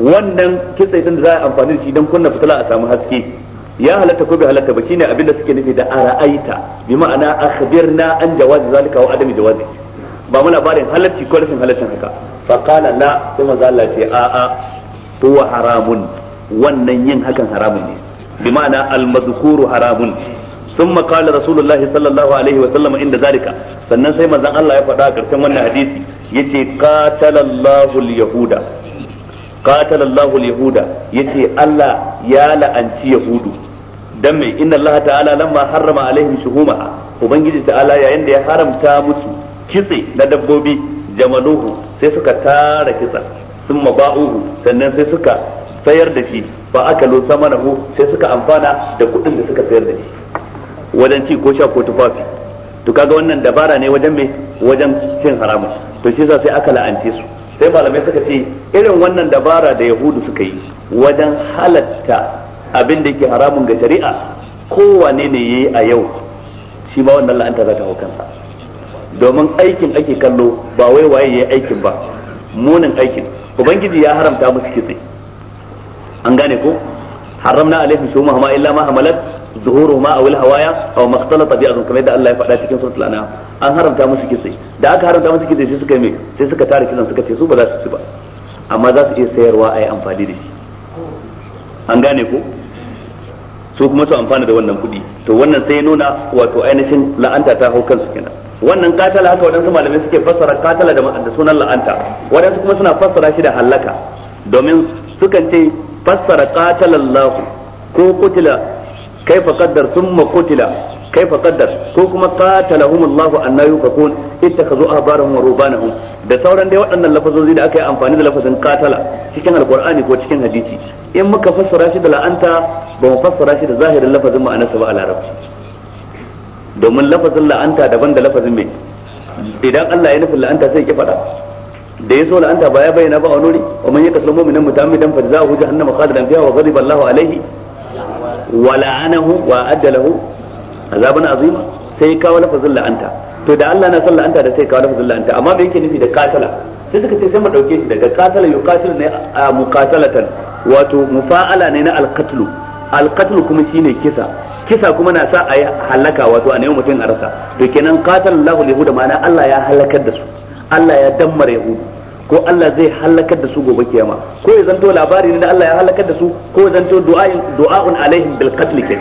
wannan kitse din da za a amfani da shi don kunna fitila a samu haske ya halatta ko bai halatta ba shine abin da suke nufi da ara'aita bi ma'ana akhbirna an jawazi zalika wa adami jawazi ba muna barin halacci ko rashin halaccin haka fa qala la sai manzo Allah ce a a huwa haramun wannan yin hakan haramun ne bi ma'ana al-madhkuru haramun ثم قال رسول الله صلى الله عليه وسلم عند ذلك sannan sai manzon Allah ya faɗa a ƙarshen wannan hadisi yace qatalallahu al-yahuda qatalallahu al-yahuda yace Allah ya la'anci yahudu dan mai inna Allah ta'ala lamma harrama alaihim shuhumaha ubangiji ta'ala yayin da ya haramta musu kitse na dabbobi jamaluhu sai suka tara kitsa sun ba'uhu sannan sai suka sayar da shi fa aka samanahu sai suka amfana da kuɗin da suka sayar da shi wajen ci ko sha ko tufafi to kaga wannan dabara ne wajen me wajen cin haramun to shi yasa sai aka la'ance su sai malamai suka ce irin wannan dabara da yahudu suka yi wajen halatta abin da yake haramun ga shari'a kowane ne yayi a yau shi ma wannan la'anta za ta hau kansa domin aikin ake kallo ba wai waye yayi aikin ba munin aikin ubangiji ya haramta musu kitse an gane ko haramna alaihim shuhuma illa ma hamalat zuhuru ma awil hawaya aw maktalata bi azum kamar da Allah ya faɗa cikin suratul anam an haramta musu kitse da aka haramta musu kitse sai suka yi sai suka tare kitsen suka ce su ba za su ci ba amma za su iya sayarwa a yi amfani da shi an gane ko su kuma su amfana da wannan kuɗi to wannan sai nuna wato ainihin la'anta ta hau kansu kenan wannan katala haka waɗansu malamai suke fassara katala da sunan la'anta waɗansu kuma suna fassara shi da halaka domin sukan ce fassara katala Allah ko kutila kaifa qaddar thumma qutila kaifa qaddar ko kuma qatalahum Allahu anna yufakun ittakhadhu ahbarahum wa rubanahum da sauran dai waɗannan lafazozi da aka yi amfani da lafazin qatala cikin alqur'ani ko cikin hadisi in muka fassara shi da la'anta ba mu fassara da zahirin lafazin ma'anarsa ba a domin lafazin la'anta daban da lafazin mai idan Allah ya nufin la'anta sai ki faɗa da ya so la'anta baya bayyana ba a nuri wa man yakaslu mu'minan mutamidan fa jazaohu jahannama khalidan fiha wa ghadiba Allahu alaihi wala'anahu wa addalahu azaban azima sai kawo lafazin la'anta to da Allah na san la'anta da sai kawo lafazin la'anta amma bai yake nufi da katala sai suka ce sai mu dauke shi daga katala katil ne a muqatalatan wato mufa'ala ne na al alqatlu kuma shine kisa kisa kuma na sa a yi halaka wato a nemi mutum a rasa to kenan qatalallahu yahuda ma'ana Allah ya halakar da su Allah ya dammar yahudu ko Allah zai halakar da su gobe kiyama ko ya zanto labari ne na Allah ya halakar da su ko ya zanto du'a'in du'a'un alaihim bil qatl ke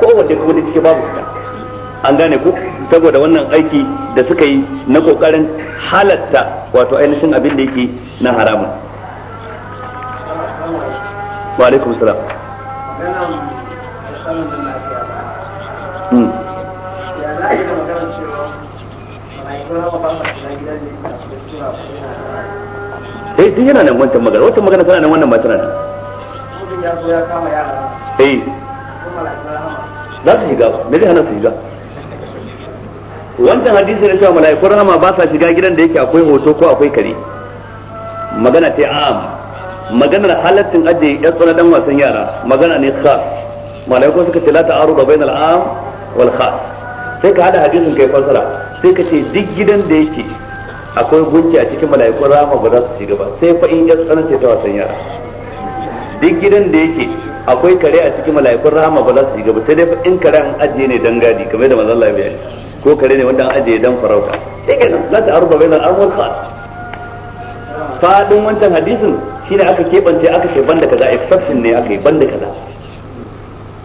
ko wanda ko cike babu fita an gane ku saboda wannan aiki da suka yi na kokarin halatta wato ainihin abin da yake na haramun wa alaikum salam hmm. ya za a yi magana cewa ba gidan da eh duk yana nan wancan magana wancan magana tana nan wannan ba tana nan eh shiga me zai hana su shiga wancan hadisi da cewa mala'ikun rahama ba sa shiga gidan da yake akwai hoto ko akwai kare magana ta am maganar halattin ajiye yan tsana dan wasan yara magana ne khas mala'ikun suka ce la ta'aru da bainal am wal khas sai ka hada hadisin kai fassara sai ka ce duk gidan da yake akwai gunki a cikin mala'ikun rahama ba za su shiga ba sai fa in ya tsananta ta wasan yara duk gidan da yake akwai kare a cikin mala'ikun rahama ba za su shiga ba sai dai in kare an ajiye ne dan gadi kamar da manzon yi ko kare ne wanda an ajiye dan farauta sai kenan za ta arba bainal amwal khas fadin wancan hadisin shine aka kebance aka ce banda kaza exception ne aka yi banda kaza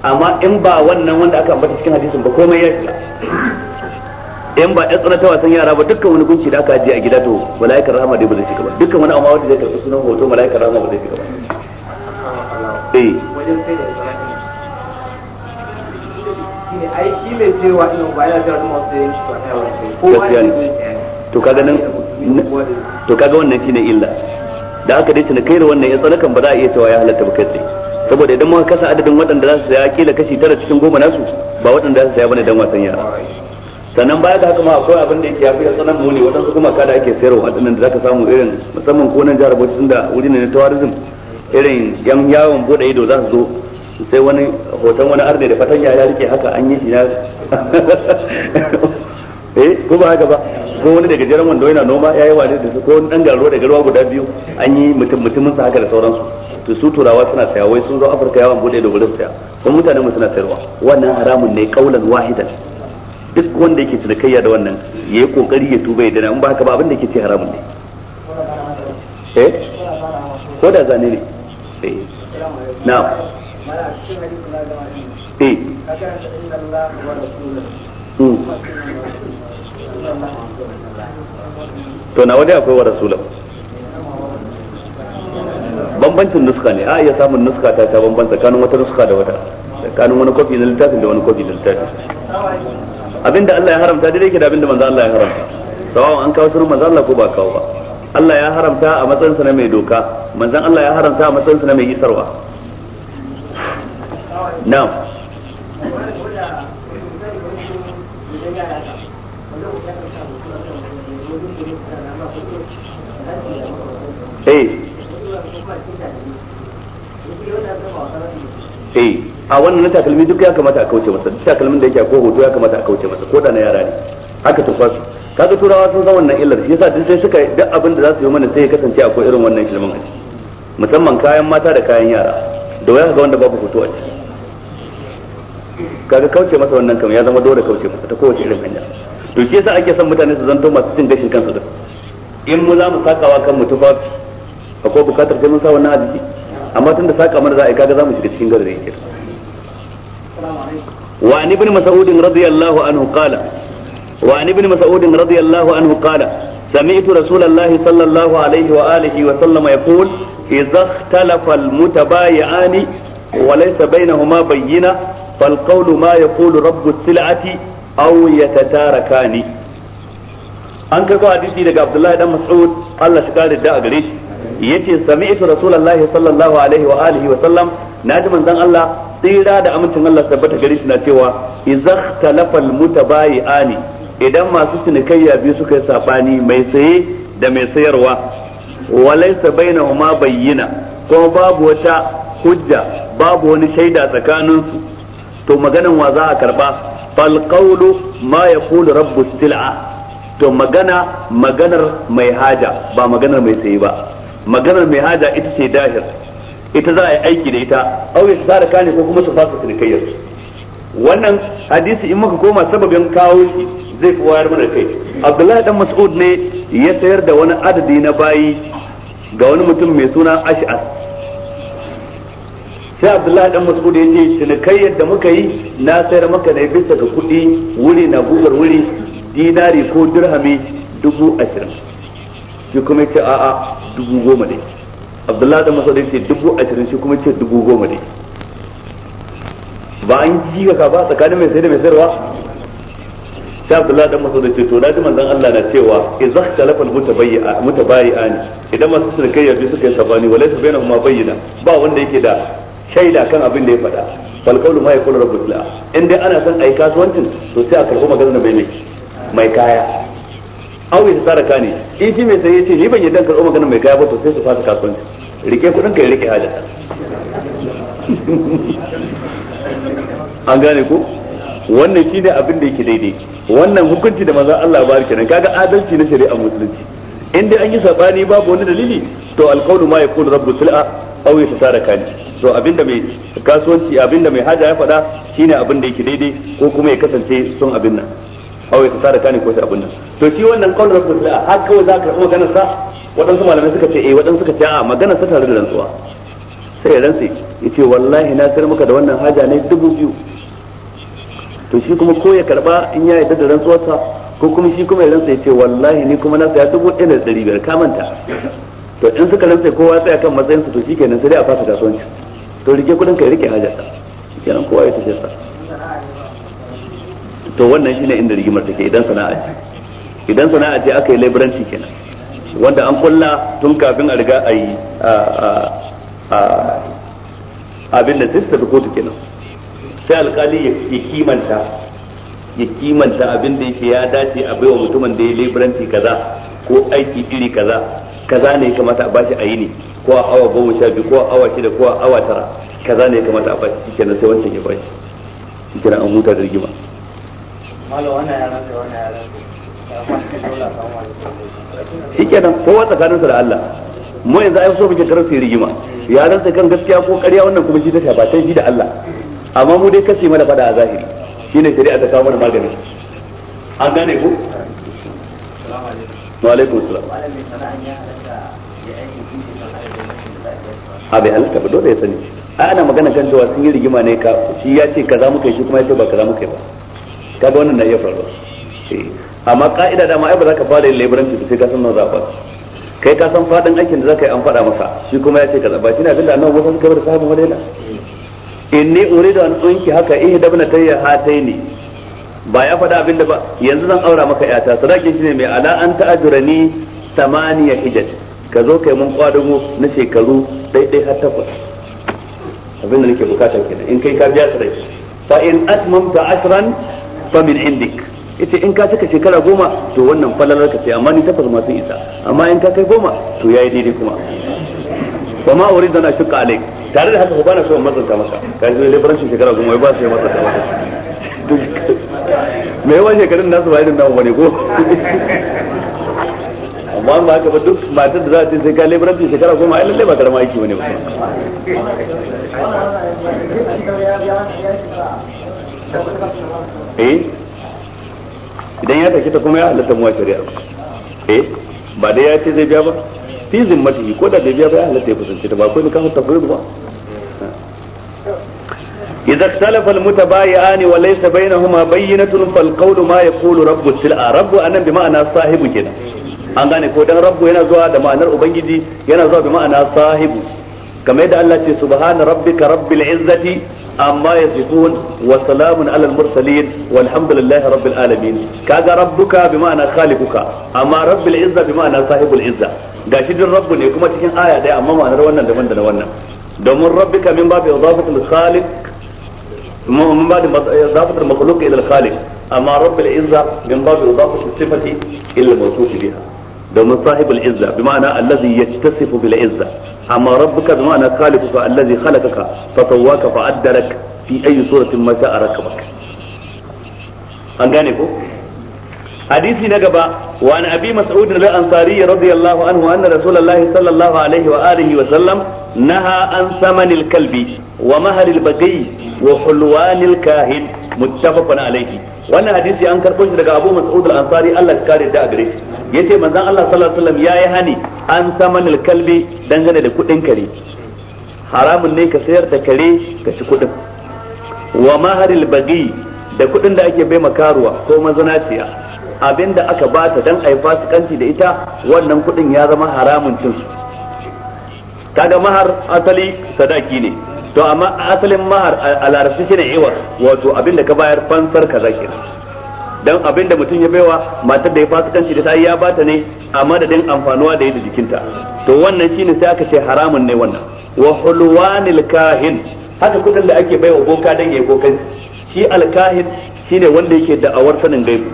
amma in ba wannan wanda aka ambata cikin hadisin ba komai ya shiga in ba yan tsananta wasan yara ba dukkan wani gunci da aka ajiye a gida to malaikar rahama dai ba zai shiga ba dukkan wani amma wanda zai karɓi sunan hoto malaikar rahama ba zai shiga ba eh to kaga wannan shine illa da aka dace na kai da wannan yan tsanakan ba za a iya cewa ya halatta ba kai saboda idan muka kasa adadin waɗanda za su saya kila kashi tara cikin goma nasu ba waɗanda za su saya bane dan wasan yara sannan baya da haka ma akwai abin da yake yafi ya tsanan muni waɗansu kuma kada ake sayarwa waɗannan da zaka samu irin musamman ko nan jihar Bauchi tunda wuri ne na tourism irin yan yawon bude ido za su zo sai wani hoton wani arne da fatan ya rike haka an yi shi na [laughs] eh ko ba haka ba ko wani daga jiran wanda yana noma yayi wani da su ko wani dan garo daga ruwa guda biyu an yi mutum mutumin sa haka da sauransu to su turawa suna saya wai sun zo Afirka yawon bude ido gurin saya kuma mutanen mu suna sayarwa wannan haramun ne kaulan wahidan duk wanda yake cinikayya da wannan ya yi kokari ya tuba ya dana in ba haka ba abin da yake ci haramun ne eh ko da zane ne eh na eh hmm. to na wani akwai wa rasulahu bambancin nuska ne a iya samun nuska ta ta bambanta tsakanin wata nuska da wata kanin wani kofi na littafin da wani kofi na littafin abinda Allah ya haramta dai yake da abinda manzo Allah ya haramta sawawa an kawo sunan manzo Allah ko ba kawo ba Allah ya haramta a matsayin sa na mai doka manzo Allah ya haramta a matsayin sa na mai isarwa na'am eh eh a wannan na takalmi duk ya kamata a kauce masa duk takalmin da yake ko hoto ya kamata a kauce masa ko da na yara ne haka tufa su kaga turawa sun san wannan illar shi yasa duk sai suka duk abin da za su yi mana sai ya kasance akwai irin wannan ilimin a ciki musamman kayan mata da kayan yara da waya ga wanda babu hoto a ciki kaga kauce masa wannan kam ya zama dole kauce masa ta kowace irin hanya to shi yasa ake son mutane su zanto masu cin gashin kansu duk in mu za mu sakawa kan mu tufa akwai bukatar sai mun sa wannan a jiki amma tunda saka mana za a yi kaga za mu shiga cikin da kenan وعن ابن مسعود رضي الله عنه قال وعن ابن مسعود رضي الله عنه قال سمعت رسول الله صلى الله عليه وآله وسلم يقول إذا اختلف المتبايعان وليس بينهما بينة فالقول ما يقول رب السلعة أو يتتاركان an karɓo hadisi daga Abdullahi dan Mas'ud Allah shi kare da a gare shi yace sami'tu rasulullahi sallallahu alaihi wa alihi wa sallam naji manzon Allah tsira da amincin Allah tabbata gare shi na cewa idza talafal mutabai'ani idan masu cinikayya biyu suka yi sabani mai saye da mai sayarwa walaysa bainahuma bayyina ko babu wata hujja babu wani shaida tsakaninsu to maganan wa za a karba fal qawlu ma yaqulu rabbus sil'a to magana maganar mai haja ba maganar mai saye ba maganar mai haja ita ce dahir ita za a yi aiki da ita aure su tsara kane ko kuma su fasa su wannan hadisi in muka koma sababin kawo shi zai fi wayar mana kai abdullahi dan mas'ud ne ya sayar da wani adadi na bayi ga wani mutum mai suna ash'as sai abdullahi dan mas'ud ya ce cinikayyar da muka yi na sayar maka ne bisa ga kuɗi wuri na gugar wuri dinari ko dirhami dubu ashirin shi kuma ce a'a dubu goma ne abdullahi da masu ce dubu ashirin shi kuma ce dubu goma ne ba an yi ka ba tsakanin mai sai da mai sayarwa sai abdullahi da masu ce to na ji manzan Allah na cewa idza ikhtalafa a mutabayyi'an idan masu suna kai yarbi suka yi sabani wale ta bayyana kuma bayyana ba wanda yake da shaida kan abin da ya faɗa fal qawlu ma rabu tula in dai ana son a yi kasuwancin to sai a karɓi maganar mai mai kaya aw ya tsara ka ne shi mai sai yace ni ban yadda karɓo magana mai kaya ba to sai su fasa kasuwanci rike kuɗin ka ya rike hajar [laughs] an gane ku wannan shi ne abin da yake daidai wannan hukunci da maza Allah ba kenan kaga adalci na shari'a musulunci in dai an yi sabani babu wani dalili to alqawlu ma yaqulu rabbu sil'a aw yatasaraka ne to abinda mai kasuwanci abinda mai haja ya faɗa shine abin da yake daidai ko kuma ya kasance sun abin nan kawai su tsara kani ko sai abin nan to shi wannan qaul rabbul la har kawai za ka maganar sa waɗansu malamai suka ce eh waɗansu suka ce a maganar sa tare da rantsuwa sai ya rantsi yace wallahi na sayar maka da wannan haja ne dubu biyu to shi kuma ko ya karba in ya yadda da sa ko kuma shi kuma ya rantsa yace wallahi ni kuma na saya dubu ɗaya da ɗari biyar ka manta to in suka rantsa kowa ya tsaya kan matsayinsa to shikenan sai dai a fasa kasuwanci to rike kudin ka ya rike hajarsa kenan kowa ya tafi sa to wannan shine inda rigimar take idan sana'a ce idan sana'a ce aka yi laboranci kenan wanda an kulla tun kafin a riga a yi abin da sista tafi kotu kenan sai alkali ya kimanta ya kimanta abin da yake ya dace a baiwa mutumin da ya laboranci kaza ko aiki iri kaza kaza ne kamata a bashi a yi ne ko a awa goma sha biyu ko a awa shida ko a awa tara kaza ne kamata a bashi kenan sai wancan ya bashi shi kenan an huta da rigima malam wannan shi kenan kowa tsakaninsa da Allah mu yanzu ai so muke karar su rigima yaran sa kan gaskiya ko ƙarya wannan kuma shi ta shafa shi da Allah amma mu dai kace mana fada a zahiri shine shari'a ta kawo mana magani an gane ku wa alaikum salam a bai halatta ba dole ya sani a ana magana kan cewa sun yi rigima ne ka shi ya ce kaza muka yi shi kuma ya ce ba kaza muka yi ba kaga wannan na iya faruwa eh, amma ka'ida dama ai ba za ka fara yin laboranci sai ka san nawa za kai ka san fadin aikin da za ka yi an faɗa masa shi kuma ya ce ka zaba shi na abinda annabi Musa suka bar sahabin wadaina inni uridu an unki haka ihda ibn tayya hataini ba ya faɗa abinda ba yanzu zan aura maka yata sadakin shi ne mai ala an ni samaniya hijaj ka zo kai mun kwadugo na shekaru daidai har takwas abinda nake bukatan kenan in kai ka biya sadaki fa in atmamta ashran fa min indik yace in ka cika shekara goma to wannan falalar ka ce amma ni takwas ma sun isa amma in ka kai goma to yayi daidai kuma wa ma uridu na shukka alaik tare da haka ko bana so in mazanta masa kai zai lebarancin shekara goma ba sai mazanta masa me yawan shekarun nasu ba irin namu bane ko amma ba haka ba duk matar da za ce sai ka leburanci shekara goma ai lalle ba karama aiki wani ba eh idan ya tafi ta kuma ya halatta mu shari'a eh ba dai ya ce zai biya ba fi zimmatihi ko da bai biya ba ya halatta ya kusance ta ba ko ni nikahu tafrid ba إذا اختلف المتبايعان وليس بينهما بينة فالقول ما يقول رب السلعة رب أنا بمعنى صاحب كده an gane ko dan rabbu yana zuwa da ma'anar ubangiji yana zuwa da ma'ana sahibu kamar yadda Allah ce subhana rabbika rabbil izzati amma yasifun wa salamun alal mursalin walhamdulillahi rabbil alamin kaga rabbuka bi ma'ana khaliquka amma rabbil izza bi ma'ana sahibul izza gashi din rabbu ne kuma cikin aya daya amma ma'anar wannan daban da wannan domin rabbika min babu idafatul khaliq min babu idafatul makhluq ila al khaliq amma rabbil izza min babu idafatul sifati ila al mawsuf biha amma rabbuka bi ma'ana khaliquka allazi khalaqaka fa sawwaka fa addarak fi ayi suratin ma sha'a rakabak an gane ko hadisi na gaba wa an abi mas'ud al-ansari radiyallahu anhu anna rasulullahi sallallahu alaihi wa alihi wa sallam naha an saman al-kalbi wa mahar al-baghi wa hulwan al-kahin muttafaqun alaihi wannan hadisi an karbo shi daga abu mas'ud al-ansari Allah ya kare da gare yace manzon Allah sallallahu alaihi wasallam yayi hani an samanil kalbi dangane da kudin kare haramun ne ka sayar da kare ka ci kudin wa maharil bagi da kudin da ake bai makaruwa ko mazanaciya abinda aka bata dan ai fasikanci da ita wannan kudin ya zama haramun cin su kaga mahar asali sadaki ne to amma asalin mahar a larabci shine iwa wato abinda ka bayar fansar kaza kenan dan abin da mutum ya baiwa matar da ya kanci da ta yi ya bata ne a madadin amfanuwa da ya da jikinta to wannan shine sai aka ce haramun ne wannan wa hulwanil kahin haka kudin da ake baiwa boka dan yayi bokan shi alkahin shine wanda yake da'awar sanin gaibu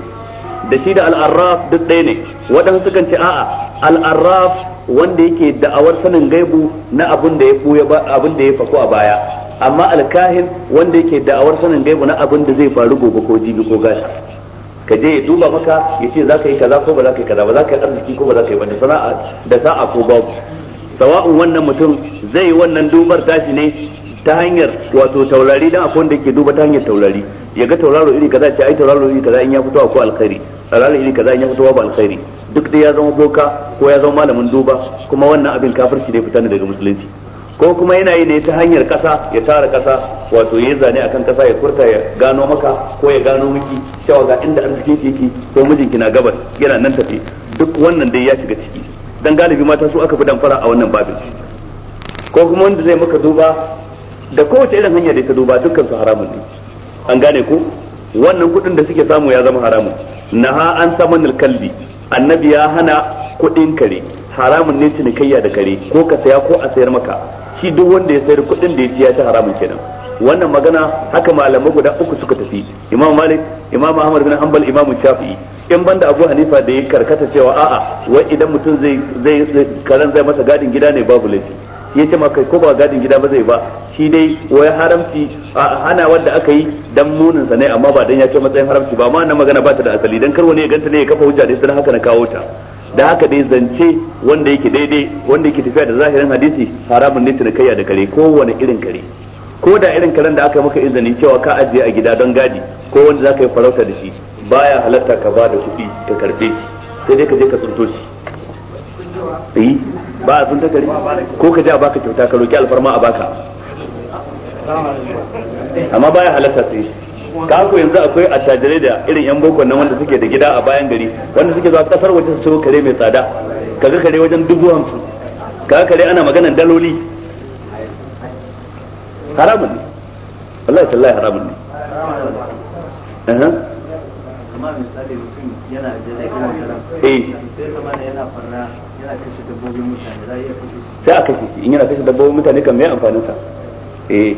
da shi da al'arraf duk ɗaya ne waɗansu sukan ce a'a al'arraf wanda yake da'awar sanin gaibu na abin da ya abin da ya fako a baya amma alkahin wanda yake da'awar sanin gaibu na abin da zai faru gobe ko jibi ko gasa ka je ya duba maka ya ce za ka yi kaza ko ba za ka yi kaza ba za ka yi arziki ko ba za ka yi ba da sana'a da sa'a ko babu sawa'un wannan mutum zai wannan dubar tashi ne ta hanyar wato taurari dan akwai wanda ke duba ta hanyar taurari ya ga tauraro iri kaza ce ai tauraro iri kaza in ya fito ko alkhairi tauraro iri kaza in ya fito ba alkhairi duk dai ya zama boka ko ya zama malamin duba kuma wannan abin kafirci ne fita daga musulunci ko kuma yana yi ne ta hanyar kasa ya tara kasa wato ya zane akan kasa ya furta ya gano maka ko ya gano miki cewa ga inda arzikin ke yake ko mijinki na gabas yana nan tafi duk wannan dai ya shiga ciki dan galibi mata su aka fi damfara a wannan babin ko kuma wanda zai maka duba da kowace irin hanya da ka duba dukkan su haramun ne an gane ko wannan kudin da suke samu ya zama haramun naha an samanul kalbi annabi ya hana kuɗin kare haramun ne cinikayya da kare ko ka saya ko a sayar maka shi duk wanda ya sayar kuɗin da ya ci ya ci haramun kenan wannan magana haka malamai guda uku suka tafi imam malik imam ahmad bin hanbal imam shafi'i in banda abu hanifa da ya karkata cewa a'a wai idan mutum zai zai karan zai masa gadin gida ne babu laifi ya ce ma ko ba gadin gida ba zai ba shi dai wai haramci hana wanda aka yi dan munin sa ne amma ba dan ya ce matsayin haramci ba amma wannan magana ba ta da asali dan kar wani ya ganta ne ya kafa hujja da sai haka na kawo ta da haka dai zance wanda yake daidai wanda yake tafiya da zahirin hadisi haramun ne cinikayya da kare kowane irin kare ko da irin karen da aka maka izinin cewa ka ajiye a gida don gadi ko wanda za ka yi farauta da shi baya halatta ka ba da kuɗi ka karɓe sai dai ka je ka tsinto shi eh, ba a tsinta kare ko ka je a baka kyauta ka roki alfarma a baka amma baya halatta sai ka ko yanzu akwai attajirai da irin yan boko nan wanda suke da gida a bayan gari wanda suke zuwa kasar waje su sayo kare mai tsada kaga kare wajen dubu hamsin kaga kare ana maganan daloli haramun ne wallahi tallahi haramun ne eh. yana kashe dabbobin mutane sai a kashe in yana kashe dabbobin mutane kan mai amfaninsa. eh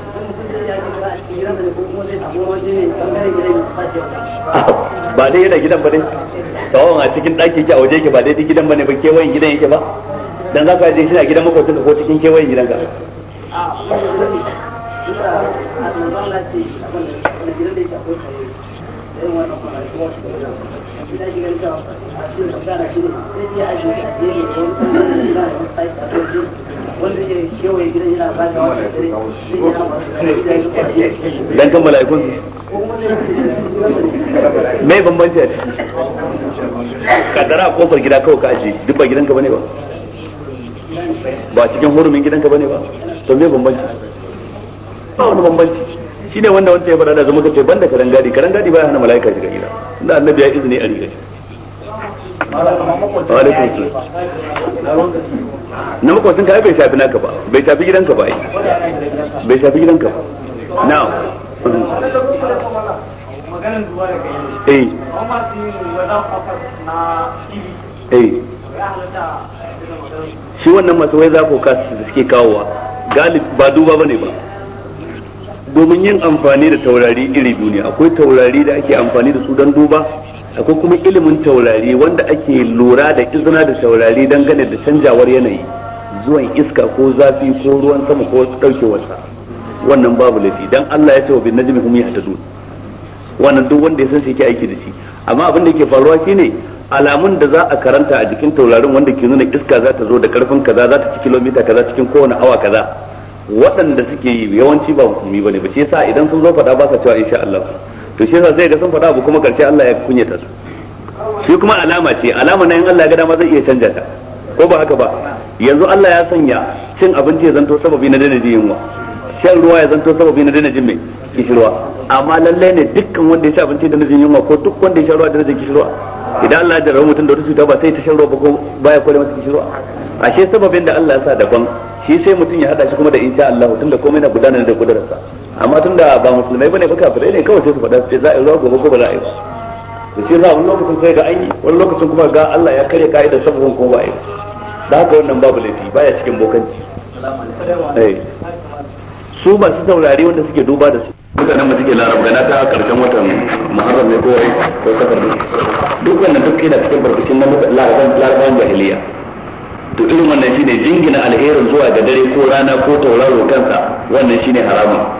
ba dai yana gidan ba ne tsawon a cikin daki yake a waje yake ba dai gidan ba ne ba kewayen gidan yake ba dan za ka je shi a gidan makwabcin ka ko cikin kewayen gidan ka dan kan mala'ikun su me bambanci a ka a kofar gida kawai ka aje duk ba gidanka bane ba ba cikin hurumin gidanka bane ba to me bambanci ba wani bambanci shine wanda wanda ya fara da zama kace banda karangadi karangadi baya hana mala'ika shiga gida da annabi ya izini a riga shi na sun kai bai shafi naka ba bai shafi gidanka ba bai shafi gidanka ba na eh eh shi wannan masu wai zafo kasu da suke kawowa galib ba duba bane ba domin yin amfani da taurari iri duniya akwai taurari da ake amfani da su don duba akwai kuma ilimin taurari wanda ake lura da izina da taurari gane da canjawar yanayi zuwan iska ko zafi ko ruwan sama ko daukewarsa wannan babu lafi don Allah ya ce wa bin najmi hum yahtadun wannan duk wanda ya san shi yake aiki da shi amma abin da ke faruwa shi ne alamun da za a karanta a jikin taurarin wanda ke nuna iska za ta zo da karfin kaza za ta ci kilomita kaza cikin kowane awa kaza waɗanda suke yi yawanci ba hukumi ne ba shi yasa idan sun zo faɗa ba sa cewa insha Allah to shi yasa sai ga sun faɗa abu kuma karshe Allah ya kunyata su shi kuma alama ce alama na in Allah ya ga dama zai iya canja ta ko ba haka ba yanzu Allah ya sanya cin abinci ya zanto sababi na daina jin yunwa shan ruwa ya zanto sababi na daina jin mai kishirwa amma lalle ne dukkan wanda ya ci abinci da jin yunwa ko duk wanda ya sha ruwa da jin kishirwa idan Allah ya jarrabe mutum da wata cuta ba sai ta shan ruwa ba ko baya kore masa kishirwa ashe sababin da Allah ya sa daban shi sai mutum ya hada shi kuma da insha Allah tunda komai na gudana da sa. amma tun da ba musulmai bane ba kafirai ne kawai sai su faɗa sai za a yi ruwa gobe ko ba za a yi ba da shi za wani lokacin sai ga anyi wani lokacin kuma ga Allah ya karya ka'ida sabon ko ba a yi da haka wannan babu laifi baya cikin bokanci eh. su masu saurari wanda suke duba da su mutanen mu suke larabga na ta karshen watan muharram ne kowai ko safar duk wannan duk yana cikin barbashin na da jahiliya to irin wannan shine jingina alherin zuwa ga dare ko rana ko tauraro kansa wannan shine haramun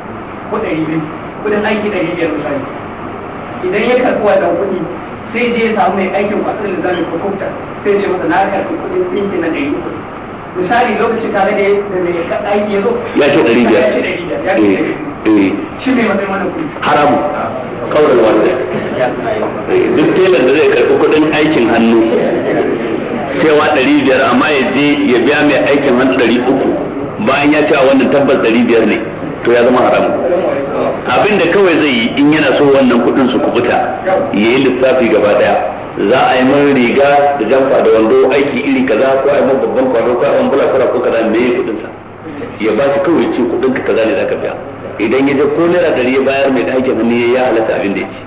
ko ɗari biyu kudin aiki ɗari biyar misali idan ya karɓi wannan kuɗi sai je ya samu mai aikin kwasar da zami ko kumta sai ce masa na karɓi kuɗin ɗinki na ɗari uku misali lokaci tare da mai aiki ya zo ya ce ɗari biyar ya ce ɗari biyar ya ce ɗari biyar eh, eh. shi mai matsayin wannan kuɗi haramu kaurar wannan eh, duk telan da zai karɓi kuɗin aikin hannu cewa ɗari biyar amma ya je ya biya mai aikin hannu ɗari uku bayan ya cewa wannan tabbas ɗari biyar ne to ya zama abin abinda kawai zai yi in yana so wannan kudin su kubuta yi lissafi gaba daya za a yi min riga da jamfa da wando aiki iri kaza ko a yi min babban kwano ko a yi min bulakura ko kaza me ya kudin sa ya ba shi kawai ce kudin ka kaza ne zaka biya idan ya je ko naira dari ya bayar mai da aikin hannu ya halatta abin da ya ci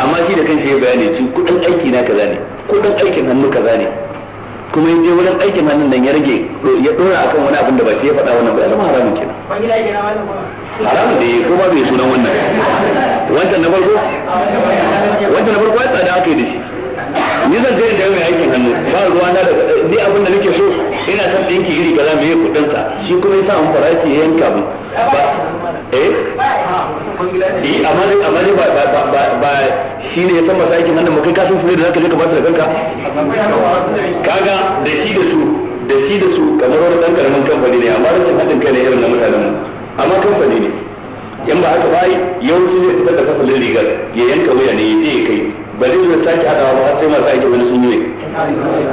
amma shi da kanshi ya bayani ci kudin aiki na kaza ne kudin aikin hannu kaza ne kuma in je wurin aikin hannun nan ya rage ya dora akan wani abin da ba shi ya faɗa wannan ba ya zama haramun kenan haramun da ko ba bai sunan wannan wancan na farko wancan na farko ya tsada aka yi da shi ni zan je da mai aikin hannu ba ruwa na da eh, ni abin da nake so ina son dinki iri kaza me kudin sa shi kuma yasa an faraki ya yanka mu ba eh eh amma dai amma dai ba ba ba ba hannu mu kai ka san da zaka je ka ba da kanka kaga da shi da su da shi da su kamar wani dan karamin kamfani ne amma rashin hadin kai ne irin na mutanen mu amma kamfani ne in ba haka bai yawanci zai fitar da fasalin rigar ya yanka wuya ne ya je ya kai ba zai zai sake hadawa ba sai masu aiki wani sun yi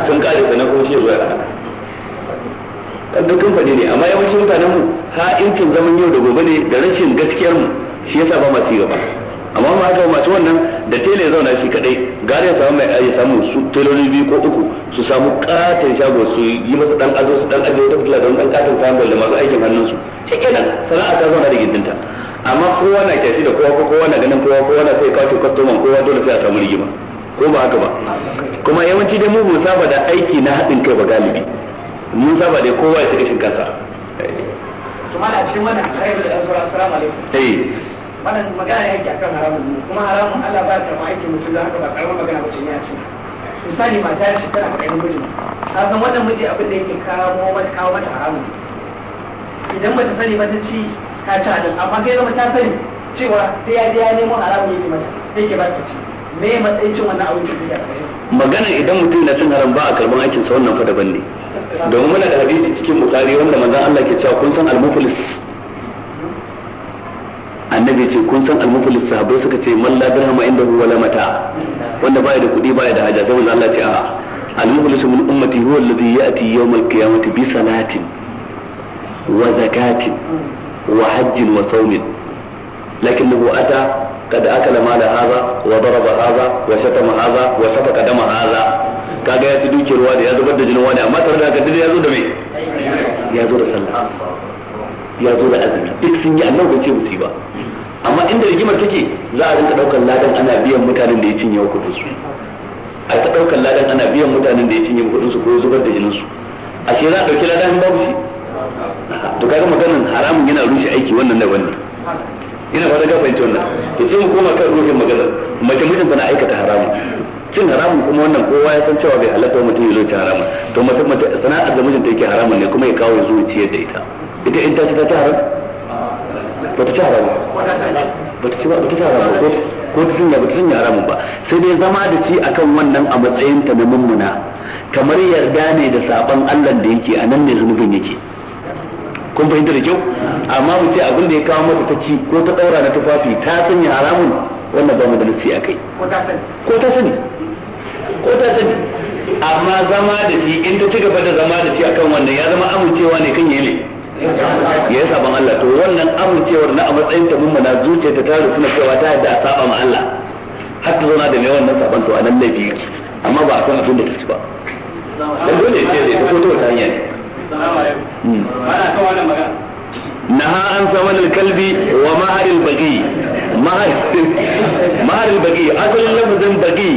sun kare sanar ko shi zuwa hada kan duk kamfani ne amma yawancin mutanen mu ha inkin zaman yau da gobe ne da rashin gaskiyar mu shi yasa ba ma ci gaba amma ma haka masu wannan da tele zauna shi kadai gare ya samu mai ayi samu su teloli biyu ko uku su samu katin shago su yi masa dan azo su dan aje ta fitila don dan katin samun da masu aikin hannun su shi kenan sana'a ta zauna da gindinta amma kowa na kyashi da kowa ko kowa na ganin kowa kowa na sai kawo kwastoman kowa dole sai a samu rigima ko ba haka ba kuma yawanci dai mu mu saba da aiki na haɗin kai ba galibi mu saba da kowa ya saka shinkansa to mana cikin wannan ayyukan da sallallahu alaihi wasallam eh. wannan magana yake akan haramun ne kuma haramun Allah ba ta aikin mutum da haka ba karamar magana ba ce ne a ce misali mata shi tana kaɗan miji ta san wannan miji abin da yake kawo mata kawo mata haramun idan ta sani ba ta ci ta ci halin amma sai zama ta sani cewa sai ya je ya nemo haramun yake mata sai ke ba ta ci me matsayin cin wannan abin da ya a magana idan mutum na cin haram ba a karban aikinsa wannan fa daban ne domin muna da hadisi cikin bukari wanda manzon Allah ke cewa kun san al-muflis annabi ce kun san almuflis sahabbai suka ce man la dirhama inda huwa la mata wanda baya da kuɗi baya da haja sai manzo Allah ce a almuflis min ummati huwa alladhi yati yawm al-qiyamati bi salatin wa zakatin wa hajjin wa lakin lakinnahu ata kada akala mala hadha wa daraba hadha wa shatama hadha wa safaka dama hadha kaga ya ci dukiyar wani ya zubar da jinin wani amma tare da haka dai ya zo da me ya zo da sallah ya zo da azumi duk sun yi annabi ce musu ba amma inda rigimar take za a rinka daukar ladan ana biyan mutanen da ya cinye wa kudin su a ta daukar ladan ana biyan mutanen da ya cinye wa kudin su ko zubar da jinin su ce za a dauki ladan babu shi to kaga maganar haramun yana rushe aiki wannan da wannan ina ba da ga fahimci wannan to sai mu koma kan ruhin maganar mace mijin tana aikata haramun cin haramun kuma wannan kowa ya san cewa bai halatta mutum ya zo ci haramun to mace mace sana'ar da mijinta yake haramun ne kuma ya kawo zuciyar da ita ita in ta ci ta ci haram ba ta ci haram ba ta ci ba ta ci haram ba ko ta sanya ba ta sanya haram ba sai dai zama da ci akan wannan a matsayin ta na mummuna kamar yarda ne da saban Allah da yake a nan ne zunubin yake kun fahimta da kyau amma mu ce abin da ya kawo mata ta ci ko ta daura na tufafi ta sanya haramun wannan ba mu da lissi akai ko ta sani ko ta sani ko ta sani amma zama da shi in ta ci gaba da zama da shi akan wannan ya zama amincewa ne kan yele ya yi saban Allah to wannan amincewar na a matsayin ta mummuna zuciyarta ta rufu na cewa ta yadda a saba ma Allah har ta zauna da mai wannan sabon to a nan da biyu amma ba a san abin da ta ci ba dan dole ya ce zai ta fito ta hanya ne hmm. ha an saman kalbi wa maharil bagi [laughs] maharil bagi asalin lafazin bagi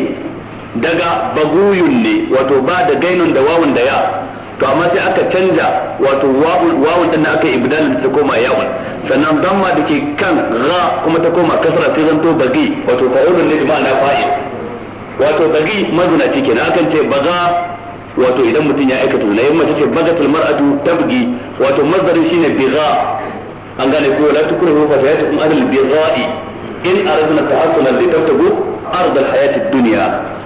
daga baguyun ne wato ba da gainun da wawan da ya to amma sai aka canja wato wawun din da aka ibdal ta koma yawun sannan damma da ke kan ra kuma ta koma kasra sai zanto bagi wato fa'ulun ne ma'ana fa'il wato bagi mazinaci kenan akan ce baga wato idan mutum ya aikata zina yamma tace bagatul mar'atu tabgi wato mazdarin shine biga an gane ko la tukuru fa fayatukum adal biga'i in aradna ta'assuna li tabtagu ardal hayatid dunya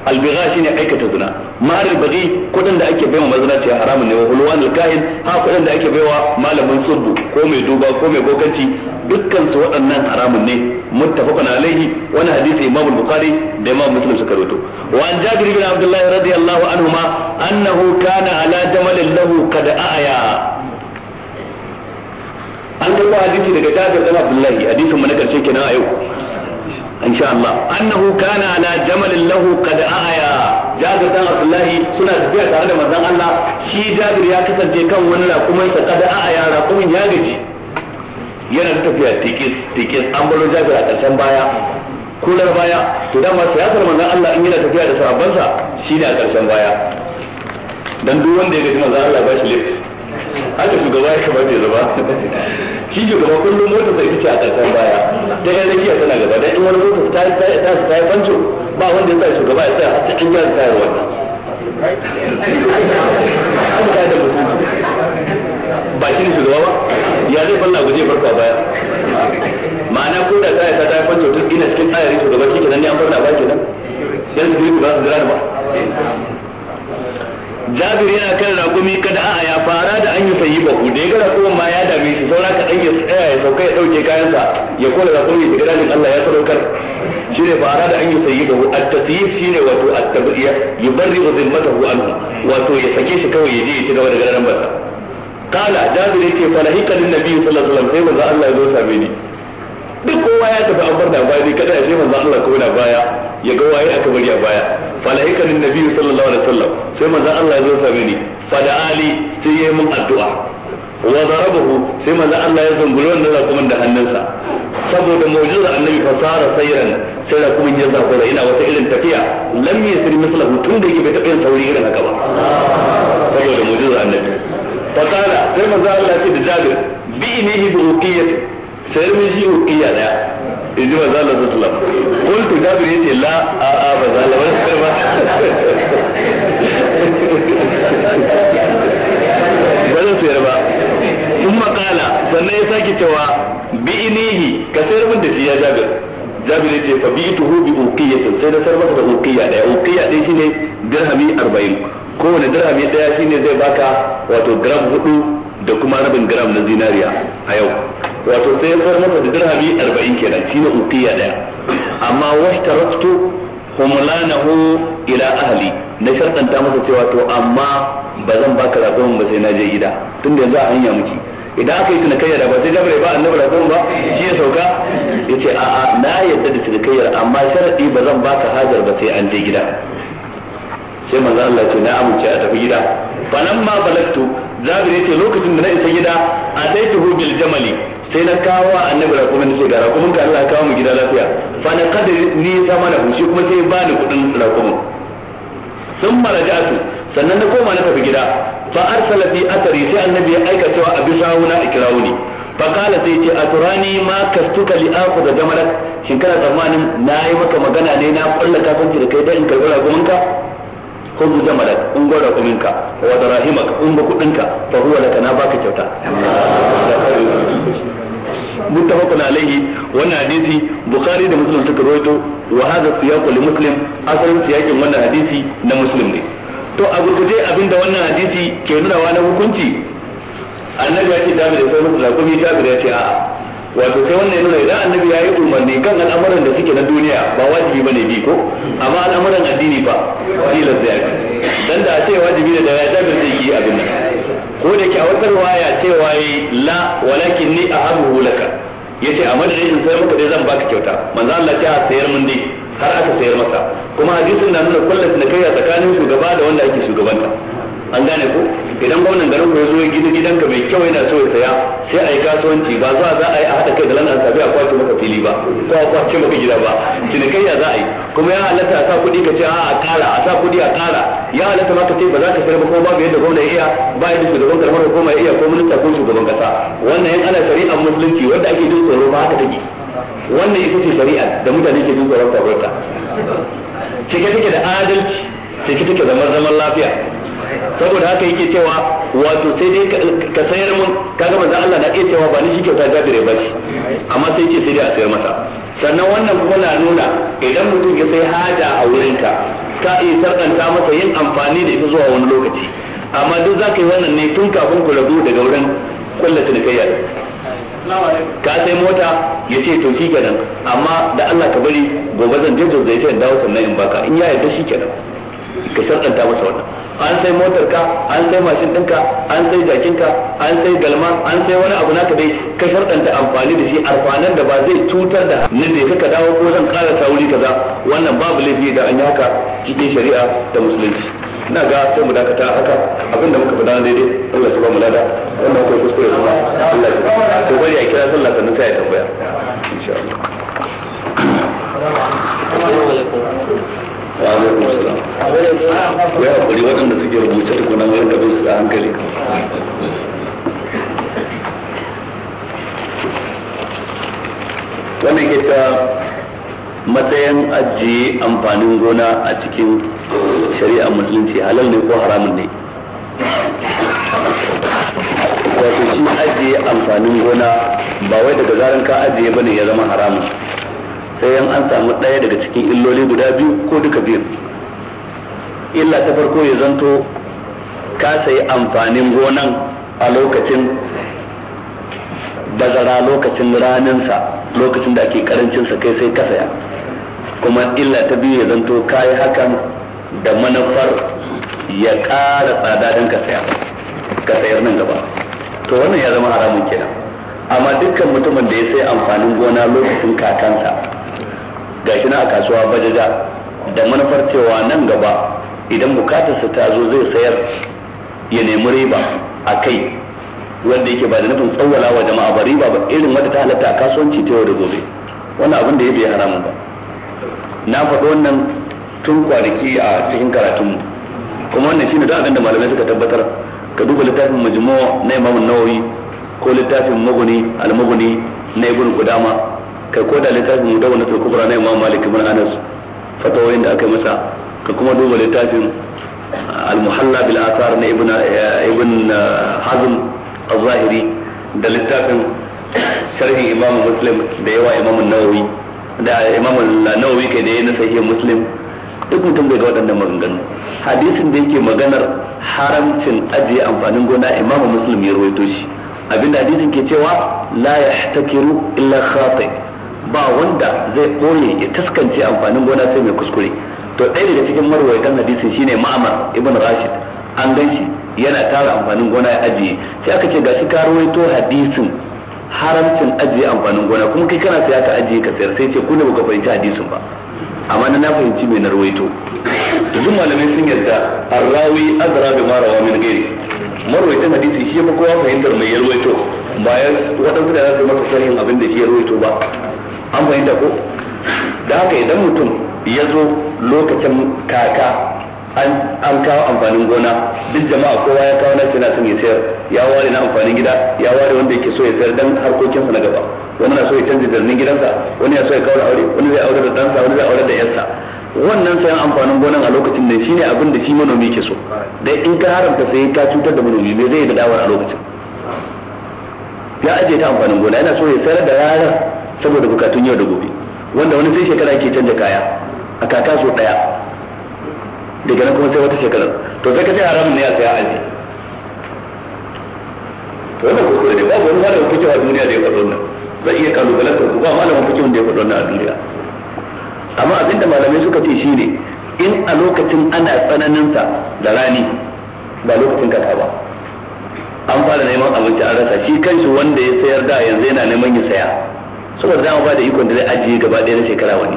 albigha shine aikata zina mahar albaghi kudin da ake baiwa mazina ce haramun ne wa hulwan kahin ha kudin da ake baiwa malamin surdu ko mai duba ko mai goganci dukkan su waɗannan haramun ne muttafaqun alaihi wani hadisi imam al-bukhari da imam muslim suka rawaito wa an jabir ibn abdullah radiyallahu anhuma annahu kana ala jamalin lahu qad aaya an karɓo hadisi daga jabir ibn abdullah hadisin mu na karshe kenan a yau in sha Allah annahu kana ala jamalin lahu qad aya Jabir suna tafiya tare da manzon Allah shi Jabir ya kasance kan wani raƙumin sa qad aya raƙumin ya gaji yana tafiya tikis an balo Jabir a ƙarshen baya kular baya to dama siyasar manzon Allah in yana tafiya da sahabbansa shi a ƙarshen baya dan duk wanda ya gaji manzon Allah ba shi lift haka shugaba ya kamata ya zama [laughs] shi shugaba kullum motar sai take a ƙarshen baya ta yan rakiya tana gaba da in wani mutum ta ta ta ta yi banco ba wanda ya sa shugaba ya sa har ta kinga ta yi wannan ba shi ne shugaba ba ya zai falla guje farko baya ma'ana ko da ta yi ta ta yi banco tun ina cikin su shugaba shi kenan ne an farna ba ke kenan yanzu ba su jira da ba jabir yana kan ragumi kada a'a ya fara da an yi sayi ku da ya ga kuma ma ya dame shi saura ka dan ya tsaya ya sauka ya ɗauke kayansa ya kula ya daga dalin Allah ya sadaukar shi ne fara da an yi sayi baku at-tasyif shi ne wato at-tabiya yubarri zimmatahu anhu wato ya sake shi kawai ya je ya ci gaba da garan bata kala jabir yake ce lahika lin nabi sallallahu alaihi wasallam sai manzo Allah ya zo same ni duk kowa ya tafi an bar na baya ne kada ya je manzo Allah kuma na baya ya ga waye aka bari a baya falaika lin nabi sallallahu alaihi wasallam sai manzo Allah ya zo same ni fada ali sai yayi min addu'a wa darabahu sai manzo Allah ya zungulu wannan rakumin da hannunsa saboda mu'jiza annabi fasara sayran sai da kuma rakumin ya zakura ina wata irin tafiya lam yasri mislahu tun da yake bai taɓa yin sauri irin haka ba saboda mu'jiza annabi fasara sai manzo Allah ya ce da Jabir bi inihi bi ruqiyati sai mun ji ukiya daya in ji manzo Allah sallallahu alaihi wasallam qultu jabir la a a ba za la wani ba ba zan sayar ba sun makala sannan ya sake cewa bi inihi ka sayar min da shi ya jabir jabir ce fa bi ituhu bi ukiyatin sai na sayar masa da ukiya daya ukiya dai shine dirhami 40 kowane dirhami daya shine zai baka wato gram hudu da kuma rabin gram na zinariya a yau wato sai ya sayar masa da dirhami arba'in kenan shi ne uqiya daya amma washtaraftu humlanahu ila ahli na shartanta masa cewa to amma ba zan baka rabon ba sai na je gida tunda yanzu a hanya muke idan aka yi tunakayyar da ba sai jabrai ba annabi ragon ba shi ya sauka yace a a na yadda da tunakayyar amma sharadi ba zan baka hajar ba sai an je gida sai manzo Allah ce na amince a tafi gida falamma balagtu jabir yace lokacin da na isa gida a ataituhu bil jamali sai na kawo a annabi rakumin nace ga rakumin ka Allah kawo mu gida lafiya fa na kada ni ta mana shi kuma sai ba ni kudin rakumin sun maraja'atu sannan na koma na tafi gida fa arsala fi athari sai annabi ya aika cewa abi na ikrauni fa qala sai ce aturani ma kastuka li akhudha jamalat shin kana tsammanin na yi maka magana ne na kulla kasance da kai da in karbi rakumin ka khudhu jamalat in gwada rakumin wa darahimaka in ba kudin ka fa huwa laka na baka kyauta متفق عليه wannan حديثي bukhari da مسلم suka rawaito wa hadha siyaqu li muslim asalin siyakin wannan hadisi na muslim ne to a gurguje abinda wannan hadisi ke nuna wa na hukunci annabi ya da da sai da ya wato sai wannan nuna idan annabi ya yi umarni kan al'amuran da suke na duniya ba wajibi bane bi ko amma al'amuran addini fa tilas da yake dan da a ce wajibi da ya tabbata yi abin nan ko da ke a wata riwaya cewa yi la walakin ni hulaka laka yace a madadin in sayar maka dai zan baka kyauta manzo Allah ta sayar mun dai har aka sayar masa kuma hadisin na nuna na kai a tsakanin shugaba da wanda ake shugabanta an gane ko idan gwamnan garin ko ya zo gidan gina gidanka mai kyau yana so ya saya sai a yi kasuwanci ba za za a yi a haɗa kai da lana sabi a kwace maka fili ba ko a kwace maka gida ba cinikayya za a yi kuma ya halatta a sa kuɗi ka ce a a ƙara a sa kuɗi a kara ya halatta ma ka ce ba za ka ko ba kuma yadda gwamna iya ba yadda shugaban karamar hukuma iya ko minista ko shugaban kasa wannan yan ana shari'ar musulunci wanda ake jin tsoro ba haka take wannan ita ce shari'a da mutane ke jin tsoron kwabarta cike take da adalci cike take zaman zaman lafiya saboda haka yake cewa wato sai dai ka sayar mun kaga manzo Allah na iya cewa ba ni shi kyauta jabire ba amma sai yake sai dai a sayar masa sannan wannan kuma na nuna idan mutum ya sai haja a wurinka ka iya sarkanta masa yin amfani da ita zuwa wani lokaci amma duk za ka yi wannan ne tun kafin ku rabu daga wurin kulla cinikayya ka sai mota ya ce to shi kenan amma da Allah ka bari gobe zan je da zai dawo sannan in baka in ya yarda shi kenan ka sarkanta masa wannan an sai motar ka an sai mashin ɗinka an sai jakin ka an sai galma an sai wani abu naka dai ka sharɗanta amfani da shi arfanan da ba zai cutar da ni da ka dawo ko zan ƙara ta kaza wannan babu laifi da an yi haka cikin shari'a da musulunci ina ga sai mu dakata haka abinda muka faɗa daidai Allah ya ba mu lada wannan kuskure kuma Allah ya to bari a kira sallah sannan sai ya tambaya insha Allah alaikum salam ya waɗanda suke rubuce da kunan su da hankali wannan ke ta matsayin ajiye amfanin gona a cikin shari'a musulunci halal ne ko haramun ne wato shi ajiye amfanin gona ba wai daga zaran ka ajiye bane ya zama haramun sai yan an samu ɗaya daga cikin illoli guda biyu ko duka biyu illa ta farko ya zanto ka sayi amfanin gonan a lokacin bazara lokacin raninsa lokacin da ake karancinsa kai sai ka saya kuma illa ta biyu ya zanto ka yi hakan da manufar ya ƙara tsada don ka saya ka sayar nan gaba to wannan ya zama haramun kenan amma dukkan mutumin da ya sai amfanin gona lokacin kakansa gashi na a kasuwa bajaja da manufar cewa nan gaba idan bukatarsa ta zo zai sayar ya nemi riba a kai wanda yake ba da nufin tsawwala wa jama'a ba riba ba irin wadda ta halatta a kasuwanci ta yau da gobe wannan abin da ya bai haramun ba na faɗi wannan tun kwanaki a cikin karatunmu kuma wannan shine don abin da malamai suka tabbatar ka duba littafin majmu' na Imam Nawawi ko littafin maguni almaguni na Ibn kudama kai ko da littafin mudawwanatul kubra na imam malik ibn anas fatawoyin da aka yi masa ka kuma duba littafin ah, al-muhalla bil athar na ibn eh, ibn ah, hazm al zahiri da littafin sharhin imam muslim da yawa imam an-nawawi da imam an-nawawi kai da yana sahih muslim duk mutum bai ga waɗannan maganganu hadisin da yake maganar haramcin ajiye amfanin gona imam muslim ya ruwaito shi abinda hadisin ke cewa la yahtakiru illa khatib ba wanda zai ɓoye ya taskance amfanin gona sai mai kuskure to ɗaya daga cikin marwaitan hadisin shine ma'amar ibn rashid an gan shi yana tara amfanin gona ya ajiye sai aka ce gashi ka rawaito hadisin haramcin ajiye amfanin gona kuma kai kana saya ka ajiye ka sayar sai ce ku ne baka fahimci hadisin ba amma na fahimci mai na rawaito duk malamai sun yarda arrawi azra bi ma rawa min ghairi marwaitan hadisi shi fa kowa fahimtar mai yarwaito ba ya waɗansu da za su masa sharhin abin da shi ya rawaito ba an fahimta ko da haka idan mutum ya zo lokacin kaka an kawo amfanin gona duk jama'a kowa ya kawo nashi na son ya sayar ya ware na amfanin gida ya ware wanda yake so ya sayar dan harkokinsa na gaba wani na so ya canza jirgin gidansa wani ya so ya kawo aure wani zai aure da ɗansa wani zai aure da yarsa wannan sayan amfanin gonan a lokacin ne shine abin da shi manomi ke so da in ka haramta sai ka cutar da manomi ne zai da dawar a lokacin ya ajiye ta amfanin gona yana so ya sayar da ranar saboda bukatun yau da gobe wanda wani sai shekara ke canja kaya a kaka so daya daga nan kuma sai wata shekarar to sai ka ce haramun ne a saya aji to yana ko ne babu wani malamin fikihu a duniya da ya faɗo nan zai iya kalubalantar ku ba malamin fikihu da ya faɗo nan a duniya amma abinda malamai suka ce shine in a lokacin ana tsananin sa da rani ba lokacin kaka ba an fara neman abinci a rasa shi kanshi wanda ya sayar da yanzu yana neman ya saya saboda za mu ba da ikon da zai ajiye gaba ɗaya na shekara wani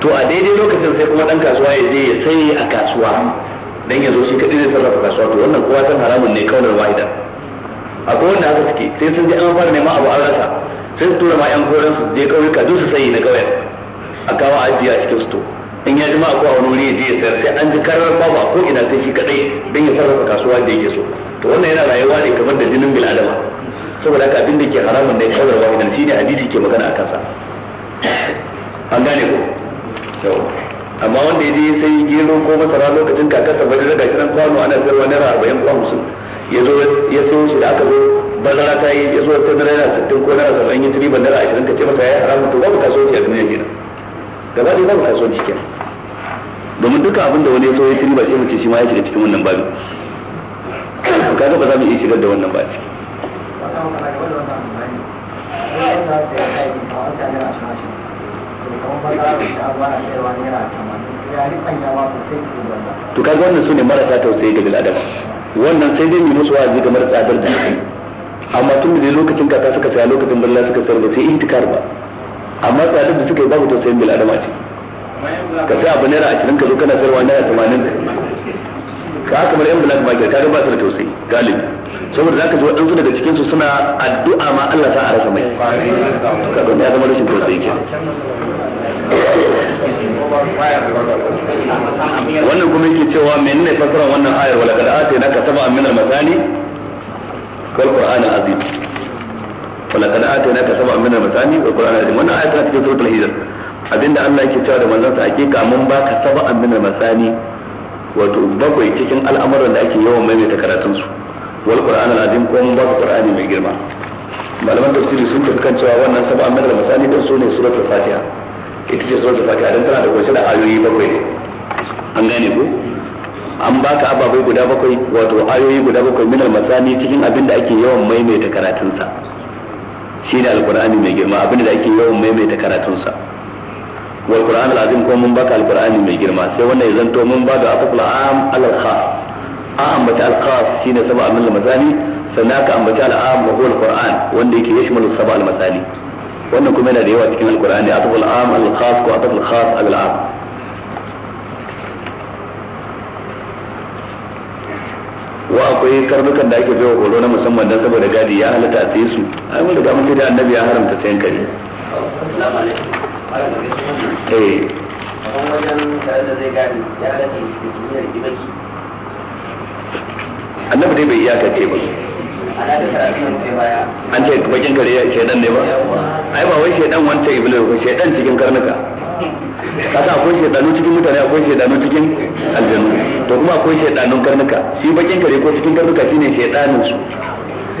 to a daidai lokacin sai kuma ɗan kasuwa ya je ya sai a kasuwa dan ya zo shi kaɗai zai sarrafa kasuwa to wannan kowa san haramun ne kaunar wahida akwai wanda haka suke sai sun je an fara neman abu an rasa sai su tura ma yan koran su je kauyuka duk su sayi na kauyen a kawo ajiye a cikin to in ya jima akwai wani wuri ya je ya sayar sai an ji karar babu a ko ina sai shi kaɗai dan ya sarrafa kasuwa da yake so to wannan yana rayuwa ne kamar da jinin bil'adama saboda haka abin da ke haramun ne kawai wahidan shine hadisi ke magana akan sa an gane ko amma wanda ya je sai gero ko masara lokacin kakarsa ba daga gashi nan kwano ana sayarwa naira arba'in ko hamsin ya zo ya so shi da aka zo bazara ta yi ya zo ta yana sittin ko naira saba'in ya tiri ban naira ashirin kace masa ya haramun to babu kasuwanci a duniya kenan gaba ɗaya babu kasuwanci kenan domin duka abin da wani ya so ya tiri ba sai mu ce shi ma ya shiga cikin wannan babin kaga ba za mu iya shigar da wannan ba ciki to kaga wannan sune marasa tausayi ga bil'adama wannan sai dai mu musu wa'azi ga marasa tsadar da amma tun da lokacin kaka suka saya lokacin balla suka sayar ba sai intikar ba amma tsadar da suka yi babu tausayin bil'adama ce ka sai abu naira ashirin ka zo kana sayarwa naira tamanin ka kamar yan black market kaga ba su da tausayi galibi saboda zaka ji waɗansu daga cikin su suna addu'a ma Allah ta' a rasa mai ga ya zama rashin tausayi ke wannan kuma yake cewa menene fasara wannan ayar wala kad atayna ka sab'a min al-masani kal qur'an azim wala kad atayna ka sab'a min al-masani wal qur'an azim wannan ayar tana cikin suratul hijr abinda Allah yake cewa da manzon sa hakika mun baka saba min al-masani wato bakwai cikin al'amuran da ake yawan ta karatun su wal qur'an al-azim ko mun ku qur'ani mai girma malaman tafsiri sun tafi kan cewa wannan sabu an al-masani da sune suratul fatiha ita ce suratul fatiha dan tana da kunshe da ayoyi bakwai ne an gane ko an baka ababai guda bakwai wato ayoyi guda bakwai min al-masani cikin abin da ake yawan maimaita karatun sa shine al-qur'ani mai girma abin da ake yawan maimaita karatun sa wal qur'an al azim ko mun baka al qur'ani mai girma sai wannan ya zanto mun baka afal am al khas a ambata al khas shine sab'a min al masani sannan ka ambata al am wa huwa al qur'an wanda yake yashmalu sab'a al masani wannan kuma yana da yawa cikin al qur'ani afal am al khas ko afal khas al am wa akwai karnukan da ake baiwa horo na musamman don saboda gadi ya halatta a tsaye su ai mun riga mun da annabi ya haramta sayan kare eh annabi dai bai iyaka ce ba an ce bakin kare ya shaidan ne ba ai ba wai shaidan wanta iblis ko shaidan cikin karnuka kasa akwai shaidanu cikin mutane akwai shaidanu cikin aljanu to kuma akwai shaidanun karnuka shi bakin kare ko cikin karnuka shine shaidanin su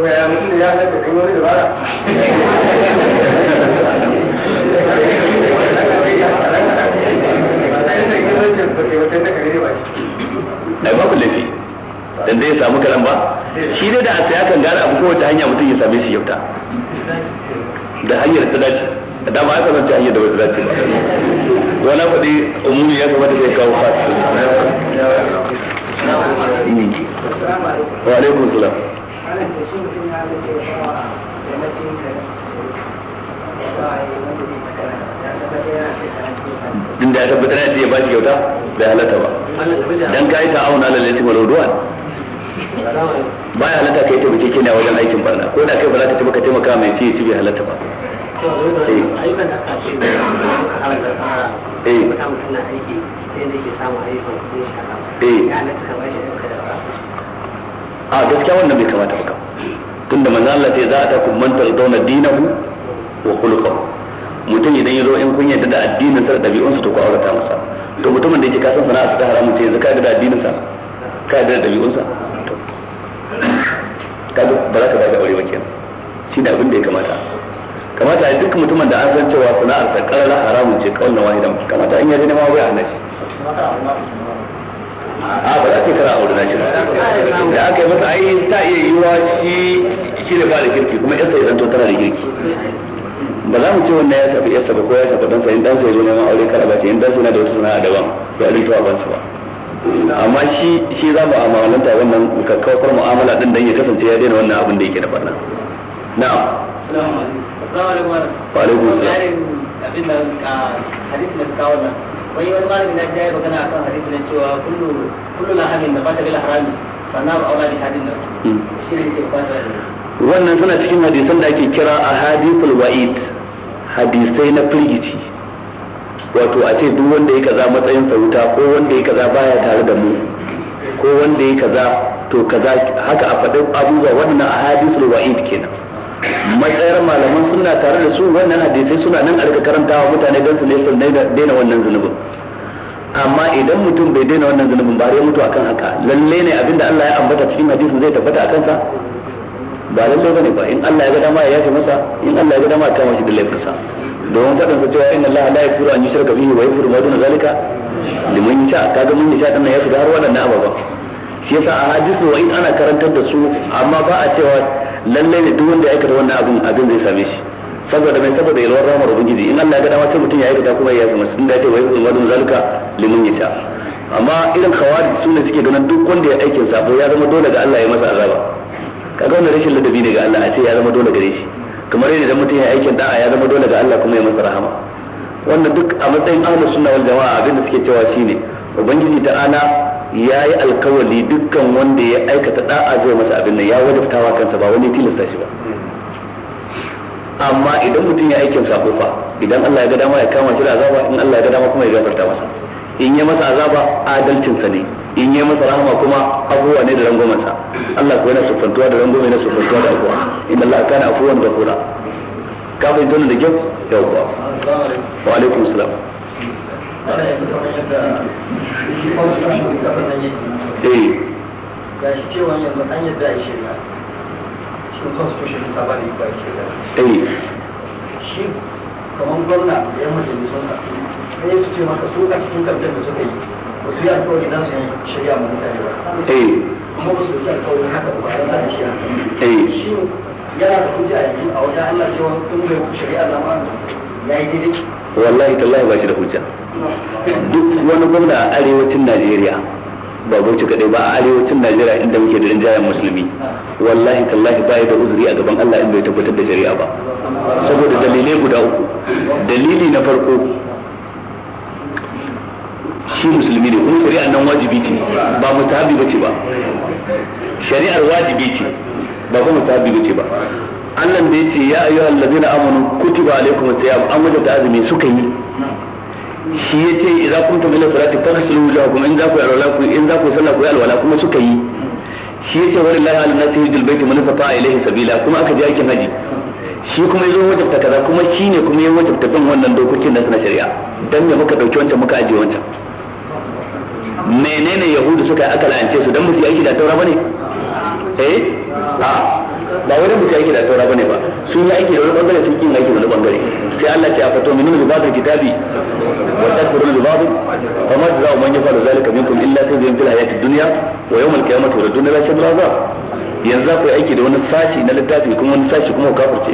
ya ya ai ba kullafi dan zai samu kalan ba shi dai da a saya kan gane abu kowace hanya mutum ya same shi yauta da hanyar ta dace da dama aka zance hanyar da wata dace ba wala faɗi umuri ya kamata zai kawo fasu wa alaikum salam din da ya tabbatar ya ya baki kyauta bai halatta ba dan kai ta auna lal yatim wal udwan baya halatta kai taimake ke na wajen aikin barna ko da kai ba za ka taimaka taimaka mai ci ci bai halatta ba eh eh a gaskiya wannan bai kamata ba tunda manzo Allah sai za a ta kun mantar zauna dinahu wa khuluquhu mutum idan ya zo in kun yadda da addinin sa da sa to ku aurata masa to mutumin da yake ka san sana'a ta haramun sai yanzu ka da addinin sa ka da sa to ka ba za ka daga aure ba kenan shi da abin da ya kamata kamata a duk mutumin da an san cewa sana'ar sa karara haramun ce kawai na wahidan kamata an ya ne nema wai a shi. a ba za ta kara aure na shi ba da aka yi masa ai ta iya yiwa shi shi da ba da kirki kuma yarsa ya zanto tana da kirki ba za mu ce wannan ya shafi yarsa ba ko ya shafi dansa in dansa ya zo neman aure kara ba ce in dansa yana da wata sana'a daban ya rintuwa bansa ba amma shi shi za mu amalanta wannan kakkawar mu'amala din dan ya kasance ya daina wannan abin da yake da barna na'am assalamu alaikum wa alaikum assalam abin da ah, hadisi da kawo nan wai wani malami na ya magana akan hadisi na cewa kullu kullu na hadin da ba ta bil harami sannan ba aula da hadin da hmm. shi ne ke kwata wannan suna cikin hadisan da ake kira ahadithul wa'id hadisai na firgici wato a ce duk wanda ya kaza matsayin sauta ko wanda ya kaza baya tare da mu ko wanda ya kaza to kaza haka a faɗin abubuwa a ahadithul wa'id kenan matsayar malaman suna tare da su wannan hadisai suna nan a karanta karantawa mutane don su lesa daina wannan zunubin amma idan mutum bai daina wannan zunubin ba ya mutu akan haka lalle ne abinda Allah ya ambata cikin hadisin zai tabbata a kansa ba lalle bane ba in Allah ya ga dama ya yafe masa in Allah ya ga dama ya kama shi da laifinsa domin faɗin sa cewa inna Allah la yaghfiru an yushraka bihi wa yaghfiru ma duna zalika liman yasha kaga mun yasha dan ya fi har waɗannan ababa shi yasa a hadisi wa in ana karantar da su amma ba a cewa lalle ne duk wanda ya aikata wannan abin abin zai same shi saboda mai saboda yalwar ramar ubangiji in Allah ya ga dama sai mutum ya aikata kuma ya masa tunda ce wai kuma dun zalika limun yasha amma irin khawarij su ne suke ganin duk wanda ya aikin sabo ya zama dole ga Allah ya masa azaba kaga wannan rashin ladabi ne ga Allah a ce ya zama dole gare shi kamar yadda idan mutum ya aikin da'a ya zama dole ga Allah kuma ya masa rahama wannan duk a matsayin ahlus sunna wal jama'a abin da suke cewa shine ubangiji ta'ala ya yi alkawali dukkan wanda ya aikata da'a zai masa abin nan ya wajabtawa kansa ba wani tilasta shi ba amma idan mutum ya aikin sako fa idan Allah ya ga dama ya kama shi da azaba in Allah ya ga dama kuma ya gafarta masa in ya masa azaba adalcin sa ne in ya masa rahama kuma abuwa ne da rangwamen sa Allah ko yana sufantuwa da rangwame na sufantuwa da abuwa in Allah kana afuwan kula ka fahimta da kyau yawwa wa alaikum salam eh shi cewa yanzu an yadda shirya cikin da yan majalisunsa ne su ce maka su a cikin kamfen da suka yi ba su yi alkawari za su yi shirya ma mutane ba kuma ba su yi alkawari haka ba a yanzu a shi yana da a yanzu a wajen allah cewa eh. in eh. bai shari'a zama ya yi daidai wallahi tallahi ba shi da hujja duk wani gwamna a arewacin najeriya ba bauchi kadai ba a arewacin najeriya inda muke da rinjayen musulmi wallahi tallahi baya da uzuri a gaban allah inda ya tabbatar da shari'a ba saboda dalilai guda uku dalili na farko shi musulmi ne kuma shari'a nan wajibi ce ba mutahabi bace ba shari'ar wajibi ce ba kuma mutahabi bace ba Allah da ya ce ya ayyuhal ladina amanu kutiba alaykumus siyam amma da azumi suka yi shi ya ce idza tafi ila salati faghsilu kuma in za ku alwala ku in za ku sallah ku alwala kuma suka yi shi ya ce wallahi ala nasi hijjul manufa man a ilayhi sabila kuma aka je aikin haji shi kuma zo wajabta kaza kuma shi ne kuma ya wajabta bin wannan dokokin da na shari'a dan ya muka dauki wancan muka ajiye wancan menene yahudu suka aka la'ance su dan musu aiki da taura bane eh a ah. ba wani mutum yake da taura bane ba sun yi aiki da wani bangare sun kin aiki wani bangare sai Allah ya fato min min zubatul kitabi wa takfurun zubabu fa ma jazaa'u man da zalika minkum illa khizyun fil hayatid dunya wa yawmal qiyamati yuraduna ila shamil azab yanzu za ku yi aiki da wani sashi na littafi kuma wani sashi kuma ku kafirce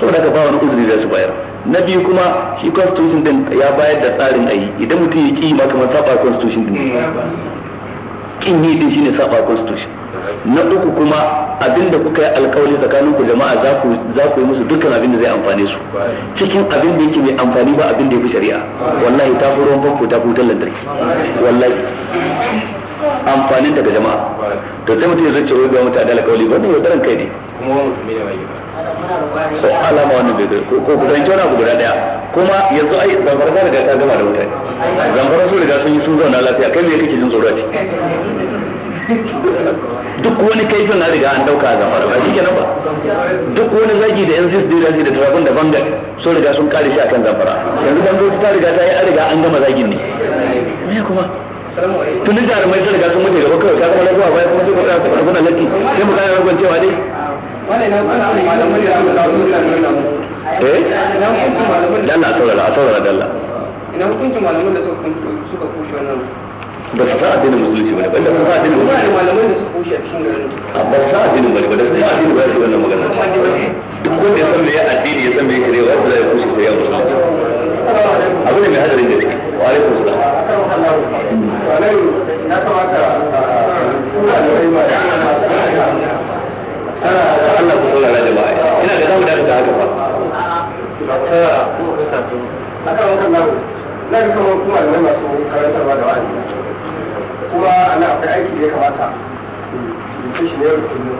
saboda ka ba wani uzuri za su bayar na biyu kuma shi constitution din ya bayar da tsarin ayi idan mutum ya ki ma kamar saba constitution din kin yi din shine saba constitution na uku kuma abinda kuka yi alkawari tsakanin ku jama'a za ku za ku yi musu dukkan abin da zai amfane su cikin abin da yake mai amfani ba abin da fi shari'a wallahi ta fi ruwan famfo ta fi wutar lantarki wallahi amfanin daga jama'a to sai mutum ya zo cewa ga mutane alkawari ba ne yaudaran kai ne kuma musulmi bai ko alama wannan bai ko ku fahimci wani abu guda daya kuma yanzu ai zamfara ta riga ta gama da wuta zamfara su riga sun yi sun zauna lafiya kai ne kake jin tsoro a ciki duk wani kaifin na riga an dauka ga fara ba shi kenan ba duk wani zagi da yanzu da zagi da tarafin da bangar sun riga sun kare shi akan zamfara yanzu bangar ta riga ta yi an riga an gama zagin ne me kuma tunin jarumai sun riga sun mutu gaba kawai ta kuma ragowa baya kuma sai ku tsaya kuma kuna laki sai mu kana ragon cewa dai eh dalla a saurara saurara dalla ina hukuncin malaman da suka kushe wannan ba su sa addinin musulunci ba ba su sa addinin musulunci ba malamai da su kushe a cikin garin ba su sa addinin ba ba da su sa addinin ba su wannan magana duk wanda ya san me ya addini ya san me ya kare wa da ya kushe sai ya musulunci abu ne mai hadarin da take wa alaikum salam ya kamata kula da rai ba da Allah ku saurara jama'a ina da zamu da haka fa ta na ga kamar kuma da masu karantarwa da wani kuma ana akwai aiki da ya kamata da shi ne yau da kullum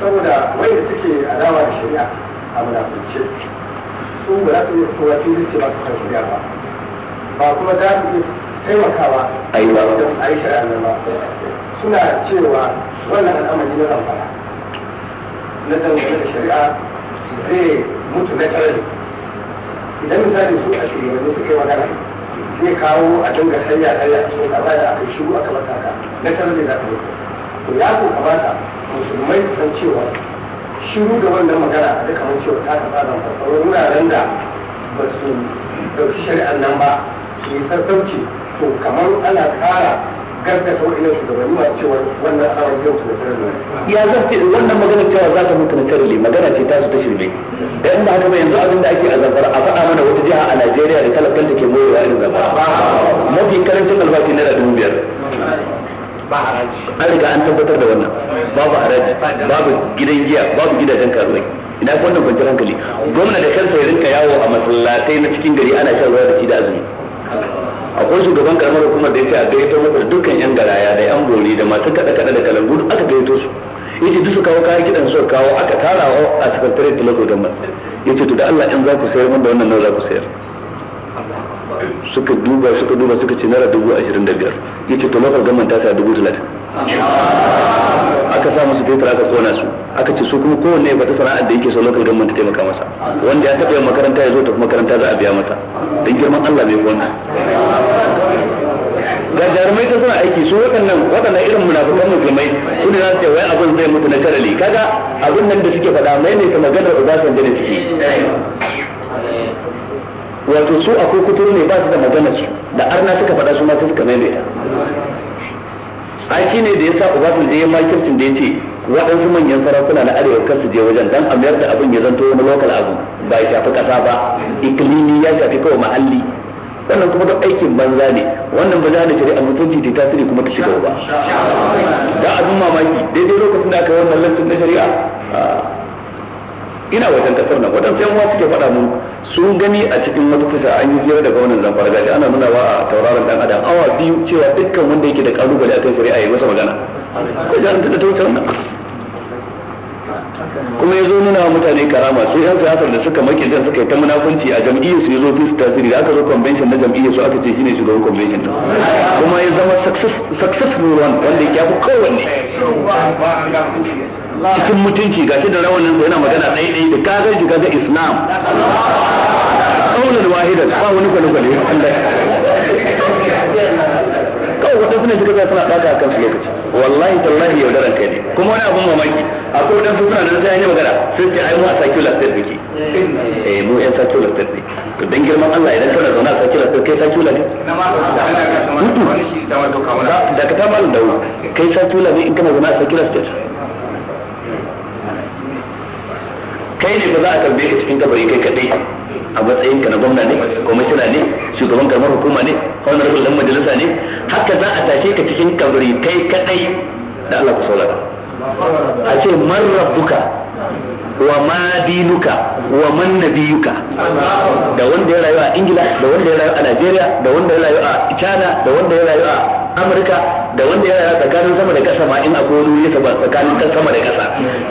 saboda wanda suke adawa da shari'a a munafurce su ba za su yi kowa fili ce ba su san shari'a ba ba kuma za su iya taimakawa a yi shari'a nan ba suna cewa wannan al'amari na zamfara na zamfara da shari'a zai mutu na tare idan misali su a shirya ne suke magana zai kawo a dinga sanya karya a cikin kaba da aka shiru aka mata ka na tare da za ka yi to ya ko kamata musulmai su san cewa shiru da wannan magana da kamar cewa ta kasa da farfaro wuraren da ba su ɗauki shari'an nan ba su yi sassauci to kamar ana kara gaskata wa'ina shugabanni masu cewa wannan tsarin yau su da tare ya zafi wannan magana cewa za ta mutu na tare magana ce ta su ta shirme da in ba haka ba yanzu abinda ake a zamfara a faɗa mana wata jiha a Najeriya da talakan da ke morewa irin zamfara mafi karancin albashi naira dubu biyar an riga an tabbatar da wannan babu haraji babu gidan giya babu gidajen karuwai ina wannan kwanciyar hankali gwamna da kansa ya rinka yawo a masallatai na cikin gari ana shan ruwa da shi da azumi akwai shugaban karamar hukumar da yake a gayyato masa dukkan yan garaya da yan bori da masu kada kada da kalangu aka gaito su yace duk su kawo kayan kidan su kawo aka tara a sakatare da lagos da yace to da Allah in za ku sayar mun da wannan nan za ku sayar suka duba suka duba suka ce naira dubu ashirin da biyar yace to lokal gaman ta sa dubu talatin aka sa musu fetur aka kona su aka ce su kuma kowanne ya fata sana'ar da yake so lokacin gwamnati ta taimaka masa wanda ya taɓa yin makaranta ya zo tafi makaranta za a biya mata don girman Allah mai wannan ga jarumai ta suna aiki su waɗannan waɗannan irin munafukan musulmai su ne za su ce wai abin zai mutu na karali kaga abin nan da suke faɗa mai ne ta maganar ubasan da suke wato su a kokuturu ne ba su da maganar su da arna suka faɗa su ma suka maimaita ai shine da ya sa yasa Obasanjo ya makircin da yace waɗansu manyan sarakuna na arewa kar su je wajen dan a mayar da abin ya zanto wani lokal abu ba ya shafi ƙasa ba iklimi ya shafi kawai mahalli wannan kuma duk aikin banza ne wannan ba za da shari'a mutunci ta tasiri kuma ta shiga ba da abin mamaki daidai lokacin da aka yi wannan lantin na shari'a ina wajen kasar nan wadan sai uwa ke faɗa mun sun gani a cikin wata an yi hira da wannan zamfara gashi ana nuna wa a tauraron dan adam awa biyu cewa dukkan wanda yake da kalubale a akan a yi masa magana ko ta ta wuce wannan kuma ya zo nuna wa mutane karama su yan siyasar da suka maki jan suka yi ta munafunci a jam'iyyar su ya zo su tasiri da aka zo convention na jam'iyyar su aka ce shine shugaban convention din kuma ya zama successful one wanda ya fi kowanne cikin mutunci shi da rawanin yana magana ɗaya ɗaya da kaga shi kaga islam kaunar wahidan ba wani kwale-kwale Allah kawai waɗansu ne suka zai suna ɓata a kansu lokaci wallahi tallahi yaudaran kai ne kuma wani abun mamaki akwai wadansu suna nan sai ne magana sun ce ai mu a secular lafiyar biki eh mu yan secular lafiyar biki to dan girman Allah idan kana zauna a secular lafiyar kai secular ne da ka ta malam da kai secular lafiyar in kana zauna a secular lafiyar kai ne ba za a tambaye ka cikin kabari kai kadai a matsayin ka na gwamna ne kwamishina ne shugaban karamar hukuma ne wannan rubutun dan majalisa ne haka za a tashe ka cikin kabari kai kadai da Allah ku saurara a ce man rabbuka wa ma dinuka wa man nabiyuka da wanda ya rayu a Ingila da wanda ya rayu a Najeriya da wanda ya rayu a China da wanda ya rayu a amurka da wanda yana yana tsakanin sama da kasa ma in akwai wani wuri ba tsakanin kan sama da kasa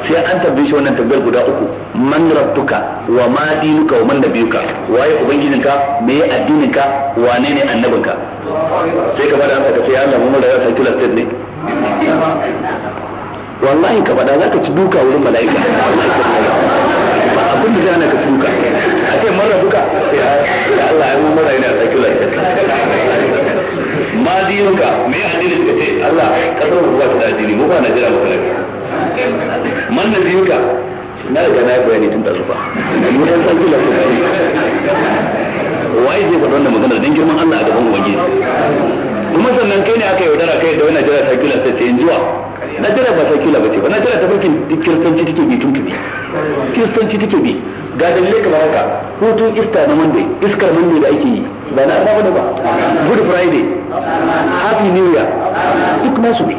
sai an tabbi shi wannan tambayar guda uku man rabbuka wa ma dinuka wa man nabiyuka waye ubangijinka me addininka wane ne annabinka sai ka bada ka sai allah Allah mun da sai ta ne wallahi ka faɗa za ka ci duka wurin mala'ika ba abin da zai ana ci duka a ce mara duka ya Allah ya mun mara sai tsaki ma me me addinin ka ce Allah kasar mu ba ta da addini mu ba na jira maka lafiya man na diyunka na riga na bayani tun da zuba mu dan san kula ku wai zai faɗa wannan magana dan girman Allah a gaban waje kuma sannan kai ne aka yaudara kai da wannan jira ta kila ta ce yanzu na jira ba ta kila ba ce ba na jira ta farkin kiristanci take bi tun tubi kiristanci take bi ga dalilai kamar haka hutun ista na monday iskar monday da ake yi ba na asabu ba good friday happy new year duk masu ne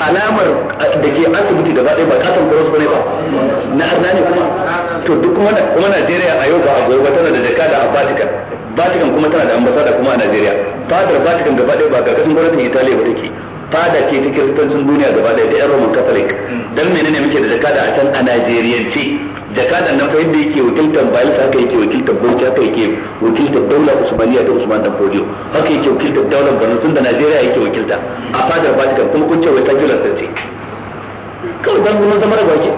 alamar da ke asibiti da ɗaya ba katon cross bane ba na arna ne kuma to duk kuma najeriya a yau ba a goyi ba tana da jaka da vatican vatican kuma tana da ambasada kuma a najeriya fadar vatican gaba ɗaya ba ga kasan gwamnatin italiya ba take fada ce ta kiristancin duniya gaba da yan roman catholic dan menene muke da jakada a can a najeriyance jakadan nan fa yadda yake wakiltar bayil haka yake wakiltar bauchi haka yake wakiltar daular usmaniya da usman dan fodiyo haka yake wakiltar daular borno tun da najeriya yake wakilta a fadar vatican kuma kun ce wai secular ce kawai dan mun zama da baki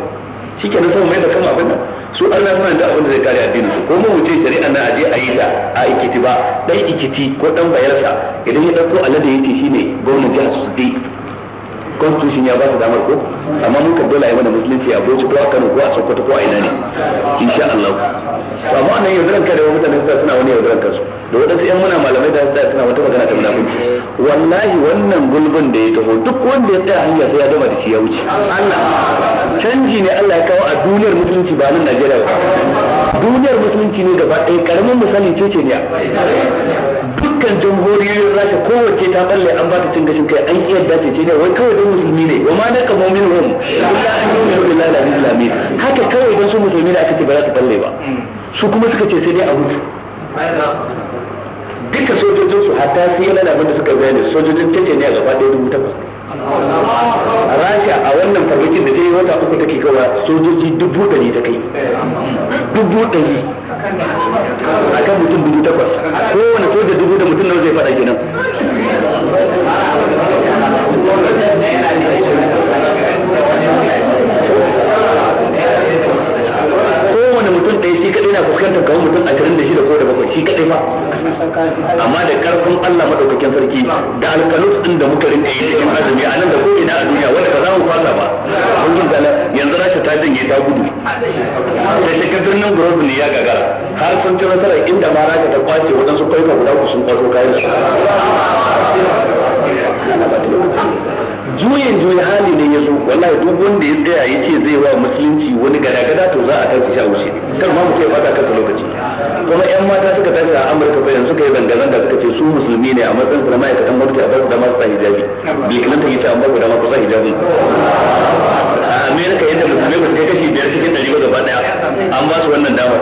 shikenan sai mai da kama abin nan su Allah suna da abin da zai kare addinin su ko mu wuce shari'a na aje a yi ta a ikiti ba dai ikiti ko dan bayarsa idan ya dauko alade yake shine gwamnati jihar su dai constitution ya ba ta damar ko amma mun ka dole a yi mana musulunci a Bauchi ko a Kano ko a Sokoto ko a ina ne insha Allah to amma nan yaudaran ka da mutane da suna wani yaudaran kansu da wadansu yan muna malamai da suna suna wata magana ta munafiki wallahi wannan gulbin da ya taho duk wanda ya tsaya hanya sai ya gama da shi ya wuce Allah canji ne Allah ya kawo a duniyar musulunci ba nan Najeriya ba duniyar musulunci ne gaba ɗaya karamin misalin ce ne dukkan jamhuriyoyin rasha kowace ta balle an ba ta cin gashin kai an iya dace ce ne wai kawai don musulmi ne wa ma na ka min hum haka kawai don su musulmi ne aka ce ba za ta balle ba su kuma suka ce sai dai a mutu duka sojojin su hatta sai yana da da suka bayani sojojin take ne a gaba ɗaya dubu takwas rasha a wannan farmakin da ta yi wata uku take kawai sojoji dubu ɗari ta kai dubu ɗari akan mutum dubu takwas kowane soja dubu da mutum nawa zai faɗa kenan kowane mutum ɗaya shi kaɗai na fuskantar kawo mutum ashirin da shida ko da bakwai shi kaɗai ba amma da karfin Allah madaukakin sarki da alkanus din da muka rinka yi cikin azumi a nan da ko ina a duniya wanda ba za mu fasa ba mun zala yanzu rasha ta janye ta gudu sai ta birnin gurbin ne ya gaga har sun ci nasara inda ma rasha ta kwace kai ka guda ku sun kwaso kayan su juyin juyin hali ne ya zo wallahi duk wanda ya tsaya ya ce zai wa musulunci wani gada gada to za a kai shi a wuce kar ma mutum ya bata kansa lokaci kuma yan mata suka tafi a amurka bayan suka yi zanga zanga suka ce su musulmi ne a matsayin su na ma'aikatan gwamnati a bar da masu sa hijabi bill clinton yi ta an bar da masu sa hijabi a amerika yadda musulmi ba su kai kashi biyar cikin ɗari ba gaba ɗaya an ba su wannan damar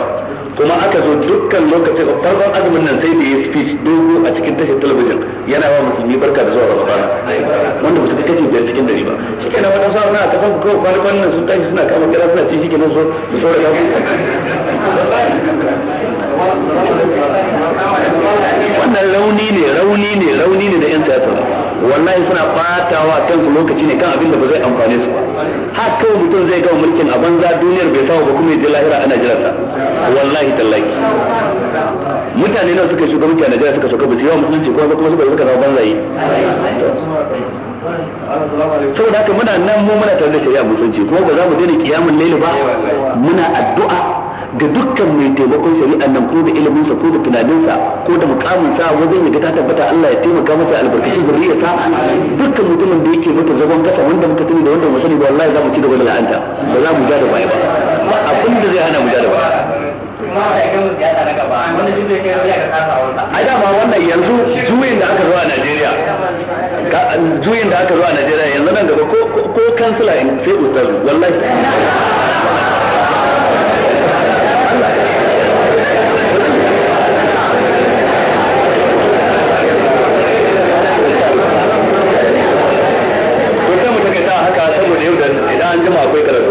kuma aka zo dukkan lokacin farkon azumin nan sai da ya speech dogo a cikin tashar talabijin yana wa musulmi barka da zuwa ramadan wanda musu kace biyar cikin dari ba shikenan wannan sa'a na kasan ko kwana nan sun tashi suna kama kira suna ci shikenan so da sauran yawo wannan rauni ne rauni ne rauni ne da yan siyasa wallahi suna batawa kansu lokaci ne kan abin da ba zai amfane su ba har kawai mutum zai gama mulkin a banza duniyar bai sawa ba kuma ya je lahira ana jiransa wallahi tallahi mutane nan suka shugabanci a Najeriya suka sauka ba su yawa musulunci kuma kuma suka suka zama yi saboda haka muna nan mu muna tare da shari'a musulunci kuma ba za mu daina kiyamun laili ba muna addu'a ga dukkan mai taimakon a nan ko da iliminsa ko da tunaninsa ko da mukaminsa wajen ya ga ta tabbata Allah ya taimaka masa albarkaci zuriyarsa dukkan mutumin da yake mata zagon kasa wanda muka tuni da wanda mu sani ba wallahi za mu ci gaba da la'anta ba za mu ja da baya ba abin da zai hana mu ja da baya a dama wannan yanzu juyin da aka zo a Najeriya juyin da aka zo a Najeriya yanzu nan gaba ko kansila sai ustazu wallahi saboda yau da idan an jima akwai karatu